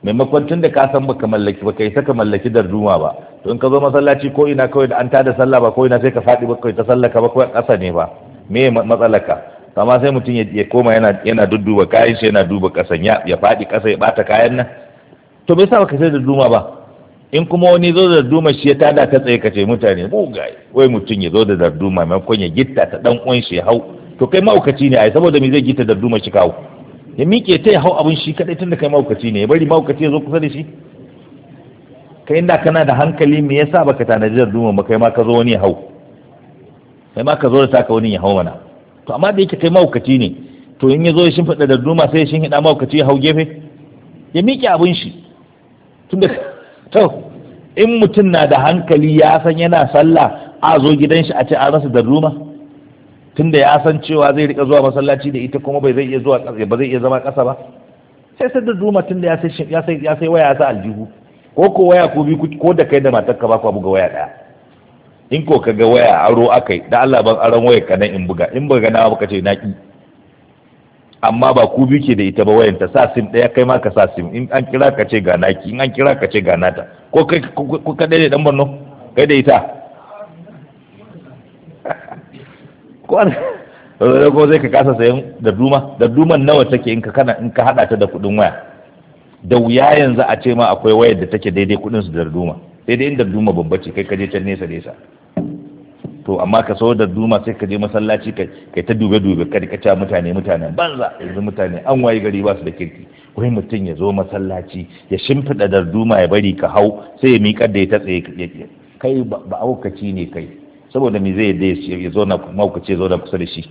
maimakon tun da ka san baka mallaki ba kai saka mallaki darduma ba to in ka zo masallaci ko ina kawai da an tada sallah ba ko ina sai ka fadi ba kawai ta sallaka ba kawai ƙasa ne ba me matsalaka amma sai mutum ya koma yana yana dudduba kayan shi yana duba kasan ya fadi ƙasa ya bata kayan nan to bai sa baka sai darduma ba in kuma wani zo da darduma shi ya tada ta tsaye ka ce mutane mugaye wai mutum ya zo da darduma maimakon ya gitta ta dan uwan shi hau to kai maukaci ne ai saboda me zai gitta darduma shi kawo ya miƙe ta ya hau abin shi kadai tunda kai maukaci ne ya bari maukaci ya zo kusa da shi kai inda kana da hankali me yasa baka tanaji darduma ba kai ma ka zo wani ya hau kai ma ka zo da taka wani ya hau mana to amma da yake kai maukaci ne to in ya zo ya shimfiɗa darduma sai ya shin hida maukaci ya hau gefe ya miƙe abin shi tunda to in mutum na da hankali ya san yana sallah a zo gidan shi a ce an rasa ruma. tunda ya san cewa zai rika zuwa masallaci da ita kuma bai zai iya zuwa ba zai iya zama ƙasa ba sai sai ruma tunda ya sai ya sai ya sai waya sa aljihu ko ko waya ko bi ko da kai da matarka ba ku buga waya daya in ko ka ga waya aro akai da Allah ban aron waya ka nan in buga in buga na baka ce na ki amma ba ku biyu ke da ita ba wayan ta sa sim ɗaya kai ma ka sa sim in an kira ka ce ga naki in an kira ka ce ga nata ko kai ko ka dai dan Borno kai da ita ko an ko zai ka kasa sayan da duma da duman nawa take in ka kana in ka hada ta da kudin waya da wuya yanzu a ce ma akwai wayar da take daidai kudin su da duma daidai dai in da duma babba ce kai ka je can nesa nesa to amma ka sau da duma sai ka je masallaci kai ta dube dube ka rika mutane mutane banza yanzu mutane an waye gari ba su da kirki wai mutum ya zo masallaci ya shimfiɗa da duma ya bari ka hau sai ya miƙar da ya ta tsaye kai ba aukaci ne kai saboda me zai ya zo na maukaci zo da kusa da shi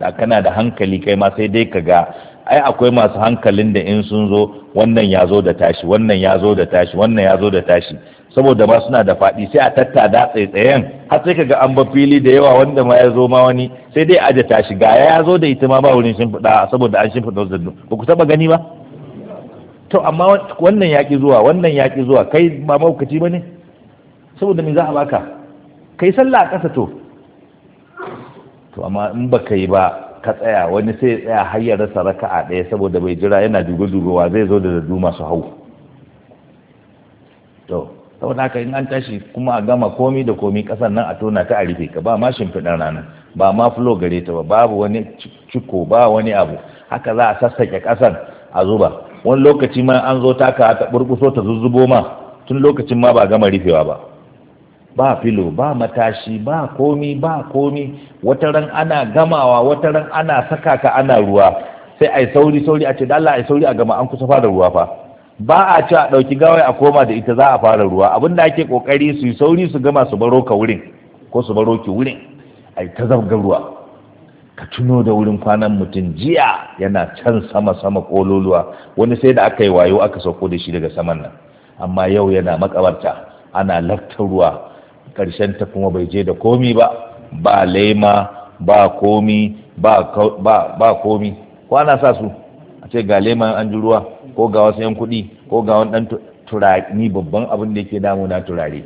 da kana da hankali kai ma sai dai ka ga ai akwai masu hankalin da in sun zo wannan ya zo da tashi wannan ya zo da tashi wannan ya zo da tashi saboda ma suna da faɗi sai a tattada tsaitsayen har sai kaga an ba fili da yawa wanda ma ya zo ma wani sai dai aje ta shiga ya zo da ita ma ba wurin shimfiɗa saboda an shimfiɗa wasu ba ku taɓa gani ba to amma wannan yaƙi zuwa wannan yaƙi zuwa kai ba maukaci ba ne saboda me za a baka kai sallah a ƙasa to to amma in ba ka yi ba ka tsaya wani sai ya tsaya har ya rasa raka'a ɗaya saboda bai jira yana dugo-dugowa zai zo da dadu masu hau to saboda haka in an tashi kuma a gama komi da komi kasar nan a tona ta a rufe ka ba ma shimfiɗar rana ba ma fulo gare ta ba babu wani ciko ba wani abu haka za a sassake kasar a zuba wani lokaci ma an zo taka ta burkuso ta zuzzubo ma tun lokacin ma ba gama rufewa ba ba filo ba matashi ba komi ba komi wata ran ana gamawa wata ran ana saka ka ana ruwa sai ai sauri sauri a ce da Allah ai sauri a gama an kusa fara ruwa fa ba a ci a ɗauki gawai a koma da ita za a fara ruwa abin da ake ƙoƙari su yi sauri su gama su baro ka wurin ko su baro ki wurin a ta zabga ruwa ka tuno da wurin kwanan mutum jiya yana can sama sama kololuwa wani sai da aka yi wayo aka sauko da shi daga saman nan amma yau yana makabarta ana laftar ruwa ƙarshen ta kuma bai je da komi ba ba laima ba komi ba komi kwana sa su a ce ga lema an ji ruwa ko ga wasu yan kuɗi ko ga wani ɗan turare ni babban abin da yake na turare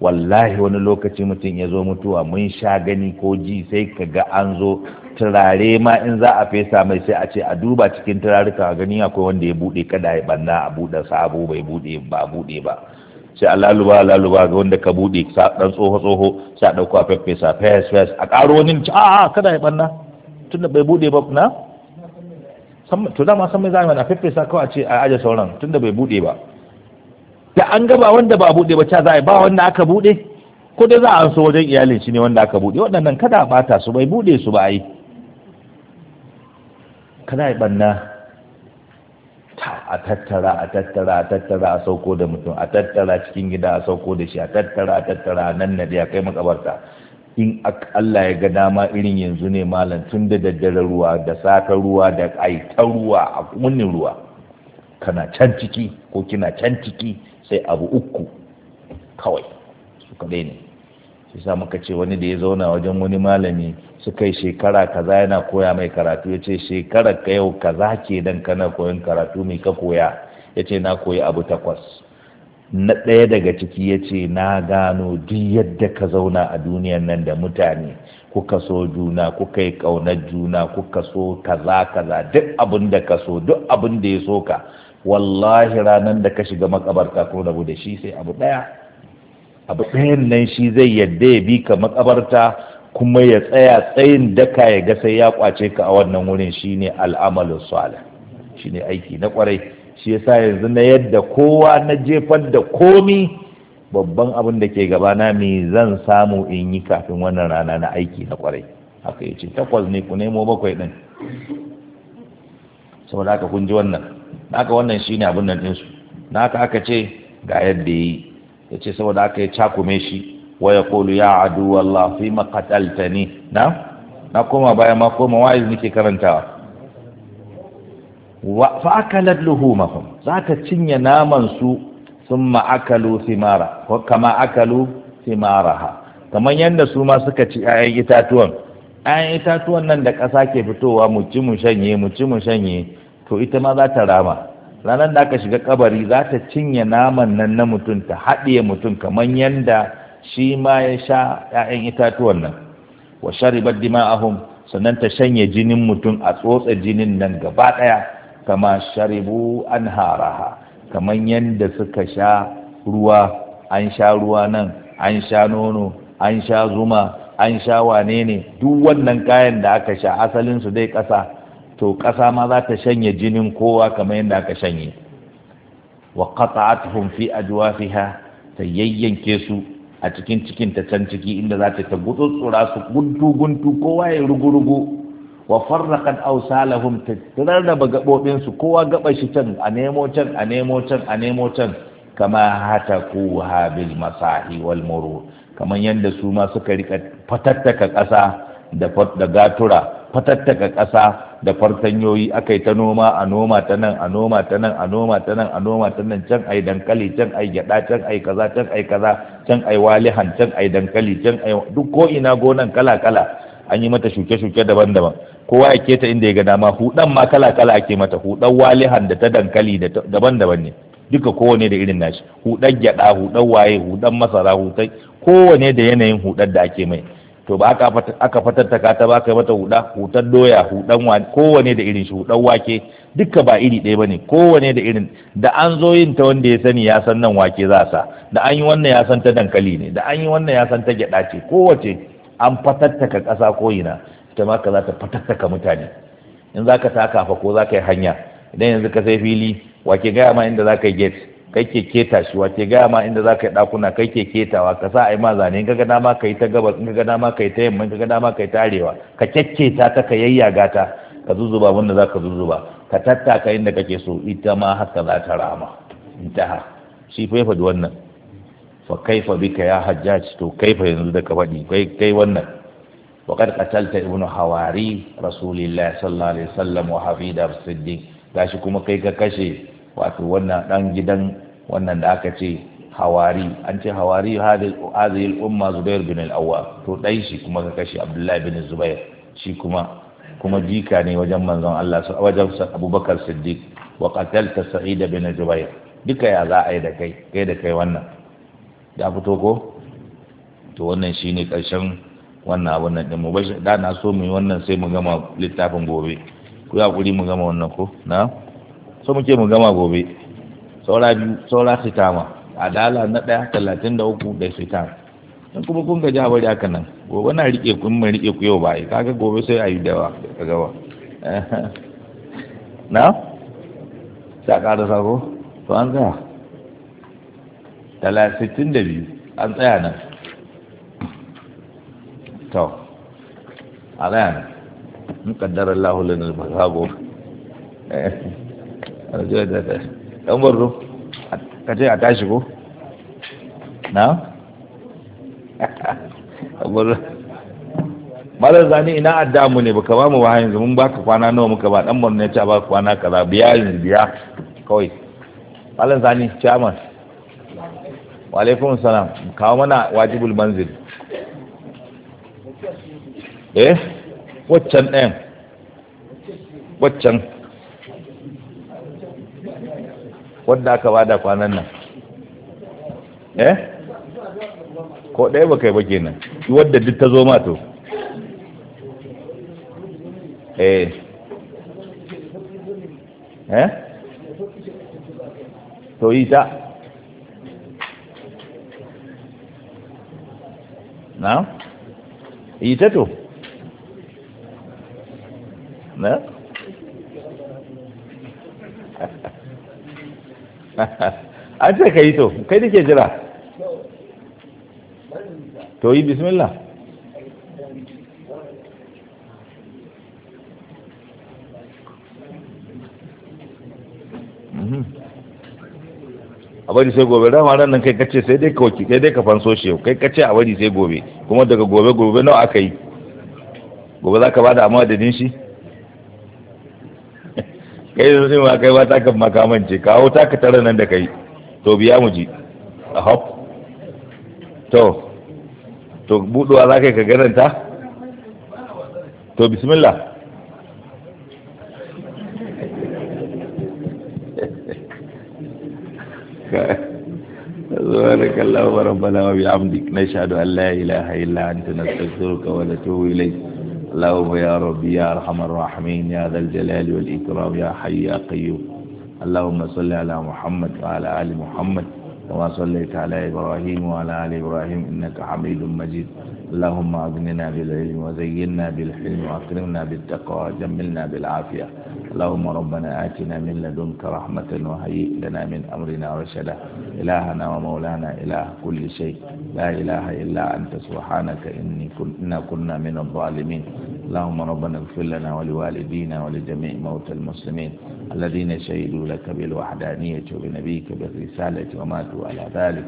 wallahi wani lokaci mutum ya zo mutuwa mun sha gani ko ji sai ka ga an zo turare ma in za a fesa mai sai a ce a duba cikin turarika a gani akwai wanda ya buɗe kada ya banna a buɗe sabo bai buɗe ba buɗe ba sai a laluba a laluba ga wanda ka buɗe ɗan tsoho tsoho sai a ɗauko a fesa fes fes a ƙaro wani a kada ya banna tunda bai buɗe ba na to dama san mai za a feffesa kawai a ce a aje sauran tunda bai buɗe ba da an ga ba wanda ba bude ba ca za a ba wanda aka buɗe? ko dai za a so wajen iyalin shi ne wanda aka buɗe? waɗannan kada a bata su bai bude su ba a yi kada ya banna a tattara a tattara a tattara a sauko da mutum a tattara cikin gida a sauko da shi a tattara a tattara a nan na a kai makabarta in Allah ya ga dama irin yanzu ne malam tun da daddare ruwa da saka ruwa da aita ruwa a kunnin ruwa kana can ciki ko kina can ciki sai abu uku kawai su kaɗai ne shi sa muka ce wani da ya zauna wajen wani malami suka yi shekara kaza yana koya mai karatu ya ce shekarar ka yau kaza ke dan kana koyon karatu mai ka koya ya ce na koyi abu takwas na ɗaya daga ciki ya ce na gano duk yadda ka zauna a duniyan nan da mutane kuka so juna kuka yi ƙaunar juna kuka so kaza kaza duk abin da ka so duk abin da ya so ka wallahi ranar da ka shiga makabarta ko rabu da shi sai abu ɗaya abu ɗayan nan shi zai yadda ya bi ka makabarta kuma ya tsaya tsayin daka ya ga sai ya kwace ka a wannan wurin shine al'amalu salih shine aiki na kwarai shi sa yanzu na yadda kowa na jefar da komi babban abin da ke gabana me zan samu in yi kafin wannan rana na aiki na kwarai haka ya ce takwas ne ku nemo bakwai ɗin saboda haka kun ji wannan haka wannan shi ne abin nan ɗinsu na haka aka ce ga yadda ya yi ya ce saboda haka ya cakume shi waya kolu ya adu wallah makatalta ne na na koma baya ma koma wa'iz nake karantawa wa fa akalat luhumahum zaka cinye naman su thumma akalu thimara ko kama akalu thimaraha kamar yadda su ma suka ci ayan itatuwan ayan itatuwan nan da kasa ke fitowa mu ci mu shanye mu ci mu shanye to ita ma za ta rama ranar da aka shiga kabari za ta cinye naman nan na mutum ta haɗiye mutum kamar yanda shi ma ya sha 'ya'yan itatuwan nan wa sharibat dima'ahum sannan ta shanye jinin mutum a tsotsa jinin nan gaba ɗaya kama sharibu an haraha kamar yadda suka sha ruwa an sha ruwa nan an sha nono an sha zuma an sha wane ne duk wannan kayan da aka sha asalinsu dai ƙasa to ƙasa ma za ta shanye jinin kowa kamar yadda aka shanye wa qata'atuhum fi ajwafiha ta yayyanke su a cikin cikin ta can ciki inda za ta gutsura su guntu guntu kowa ya rugu wa farraqat awsalahum tarraba gabobin su kowa gaba shi can a nemo can a nemo can a nemo can kama ha bil masahi wal muru kaman yanda su ma suka rika fatattaka ƙasa da da gatura fatattaka ƙasa da fartanyoyi akai ta noma a noma ta nan a noma ta nan a noma ta nan a noma ta nan can ai dankali can ai gyada can ai kaza can ai kaza can ai walihan can ai dankali can ai duk ko ina gonan kala kala an yi mata shuke-shuke daban-daban kowa ya keta inda ya ga dama hudan ma kala-kala ake mata hudan walihan da ta dankali daban-daban ne duka kowane da irin nashi hudan gyada hudan waye hudan masara hutai kowane da yanayin hudan da ake mai to ba aka fatar ta kata, ba kai mata huda hutan doya hudan wani kowane da irin shi hudan wake duka ba iri ɗaya bane kowane da irin da an zo yin ta wanda ya sani ya san nan wake za sa da an yi wannan ya san ta dankali ne da an yi wannan ya san ta gyada ce kowace an fatattaka ƙasa ko ina ita ma ka za ta fatattaka mutane in za ka taka kafa ko za ka yi hanya idan yanzu ka sai fili wake gaya ma inda za ka yi gate kai ke keta shi ke gaya ma inda za ka yi ɗakuna kai ke ketawa ka sa a yi ma zane in ka ga dama ka yi ta gabas in ka ga dama ka yi ta yamma in ka ga dama ka yi ta arewa ka kyakketa ta ka yayyaga ta ka zuzuba wanda za ka zuzuba ka tattaka inda kake so ita ma haka za ta rama intaha shi fa ya faɗi wannan fa kaifa bika ya hajjaj to kaifa yanzu da ka faɗi kai kai wannan wa qad qatalta ibnu hawari rasulillah sallallahu alaihi wasallam wa hafida siddiq gashi kuma kai ka kashe wato wannan dan gidan wannan da aka ce hawari an ce hawari hadhihi umma zubair bin al-awwab to dai shi kuma ka kashe abdullahi bin zubair shi kuma kuma jika ne wajen manzon Allah wajen abubakar siddiq wa qatalta sa'id bin jubair duka ya za a yi da kai kai da kai wannan ya fito ko to wannan shine karshen wannan abun nan din mu bashi da na so mu yi wannan sai mu gama littafin gobe ku ya kuri mu gama wannan ko na so muke mu gama gobe saura biyu saura sitama adala na ɗaya talatin da uku da sitama in kuma kun gaji a bari haka nan gobe na riƙe ku in riƙe ku yau ba yi kaga gobe sai a yi dawa ka gaba na? ta ƙara ko to an tsaya talatin da biyu an tsaya nan to a tsaya nan mukaddarar lahulun al-bazago eh, ɗan barro ka ce a tashi ko na barro malar zane ina addamu ne baka ba mu ba yanzu mun baka kwana nawa muka ba dan ne ya ce ba kwana kaza biya yanzu biya kawai malar zane chairman wa alaikum salam kawo mana wajibul manzil eh waccan ɗayan waccan wadda aka bada kwanan nan eh ko ɗaya ba kai ba kenan wadda duk ta zo ma to eh eh to yi ta na yi ta to na an ce ka yi to kai da ke jira to yi bismillah Mm-hmm. a bari sai gobe dama ran nan kai kace sai dai kauki kai dai ka fanso shi kai kace a bari sai gobe kuma daga gobe gobe nawa aka yi gobe za ka ba da amadadin shi kai da sai ma kai ba ta kan makamance kawo ta ka tara nan da kai to biya mu ji a hop to to buduwa za ka ka garanta to bismillah الله ربنا وبحمدك نشهد أن لا إله إلا أنت نستغفرك ونتوب إليك اللهم يا ربي يا أرحم الراحمين يا ذا الجلال والإكرام يا حي يا قيوم اللهم صل على محمد وعلى آل محمد كما صليت على إبراهيم وعلى آل إبراهيم إنك حميد مجيد اللهم أغننا بالعلم وزينا بالحلم وأكرمنا بالتقوى وجملنا بالعافية اللهم ربنا آتنا من لدنك رحمة وهيئ لنا من أمرنا رشدا إلهنا ومولانا إله كل شيء لا إله إلا أنت سبحانك إني كنا, كنا من الظالمين اللهم ربنا اغفر لنا ولوالدينا ولجميع موتى المسلمين الذين شهدوا لك بالوحدانية وبنبيك بالرسالة وماتوا على ذلك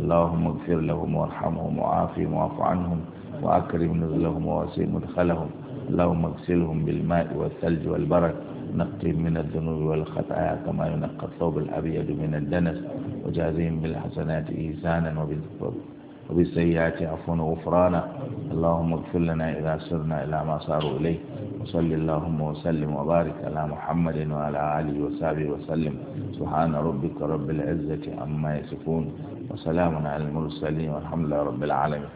اللهم اغفر لهم وارحمهم وعافهم واعف عنهم وأكرم نزلهم ووسيء مدخلهم اللهم اغسلهم بالماء والثلج والبرد نقهم من الذنوب والخطايا كما ينقى الثوب الأبيض من الدنس وجازهم بالحسنات إيسانا وبالسيئات عفوا وغفرانا اللهم اغفر لنا إذا سرنا إلى ما صاروا إليه وصل اللهم وسلم وبارك على محمد وعلى آله وصحبه وسلم سبحان ربك رب العزة عما يصفون وسلام على المرسلين والحمد لله رب العالمين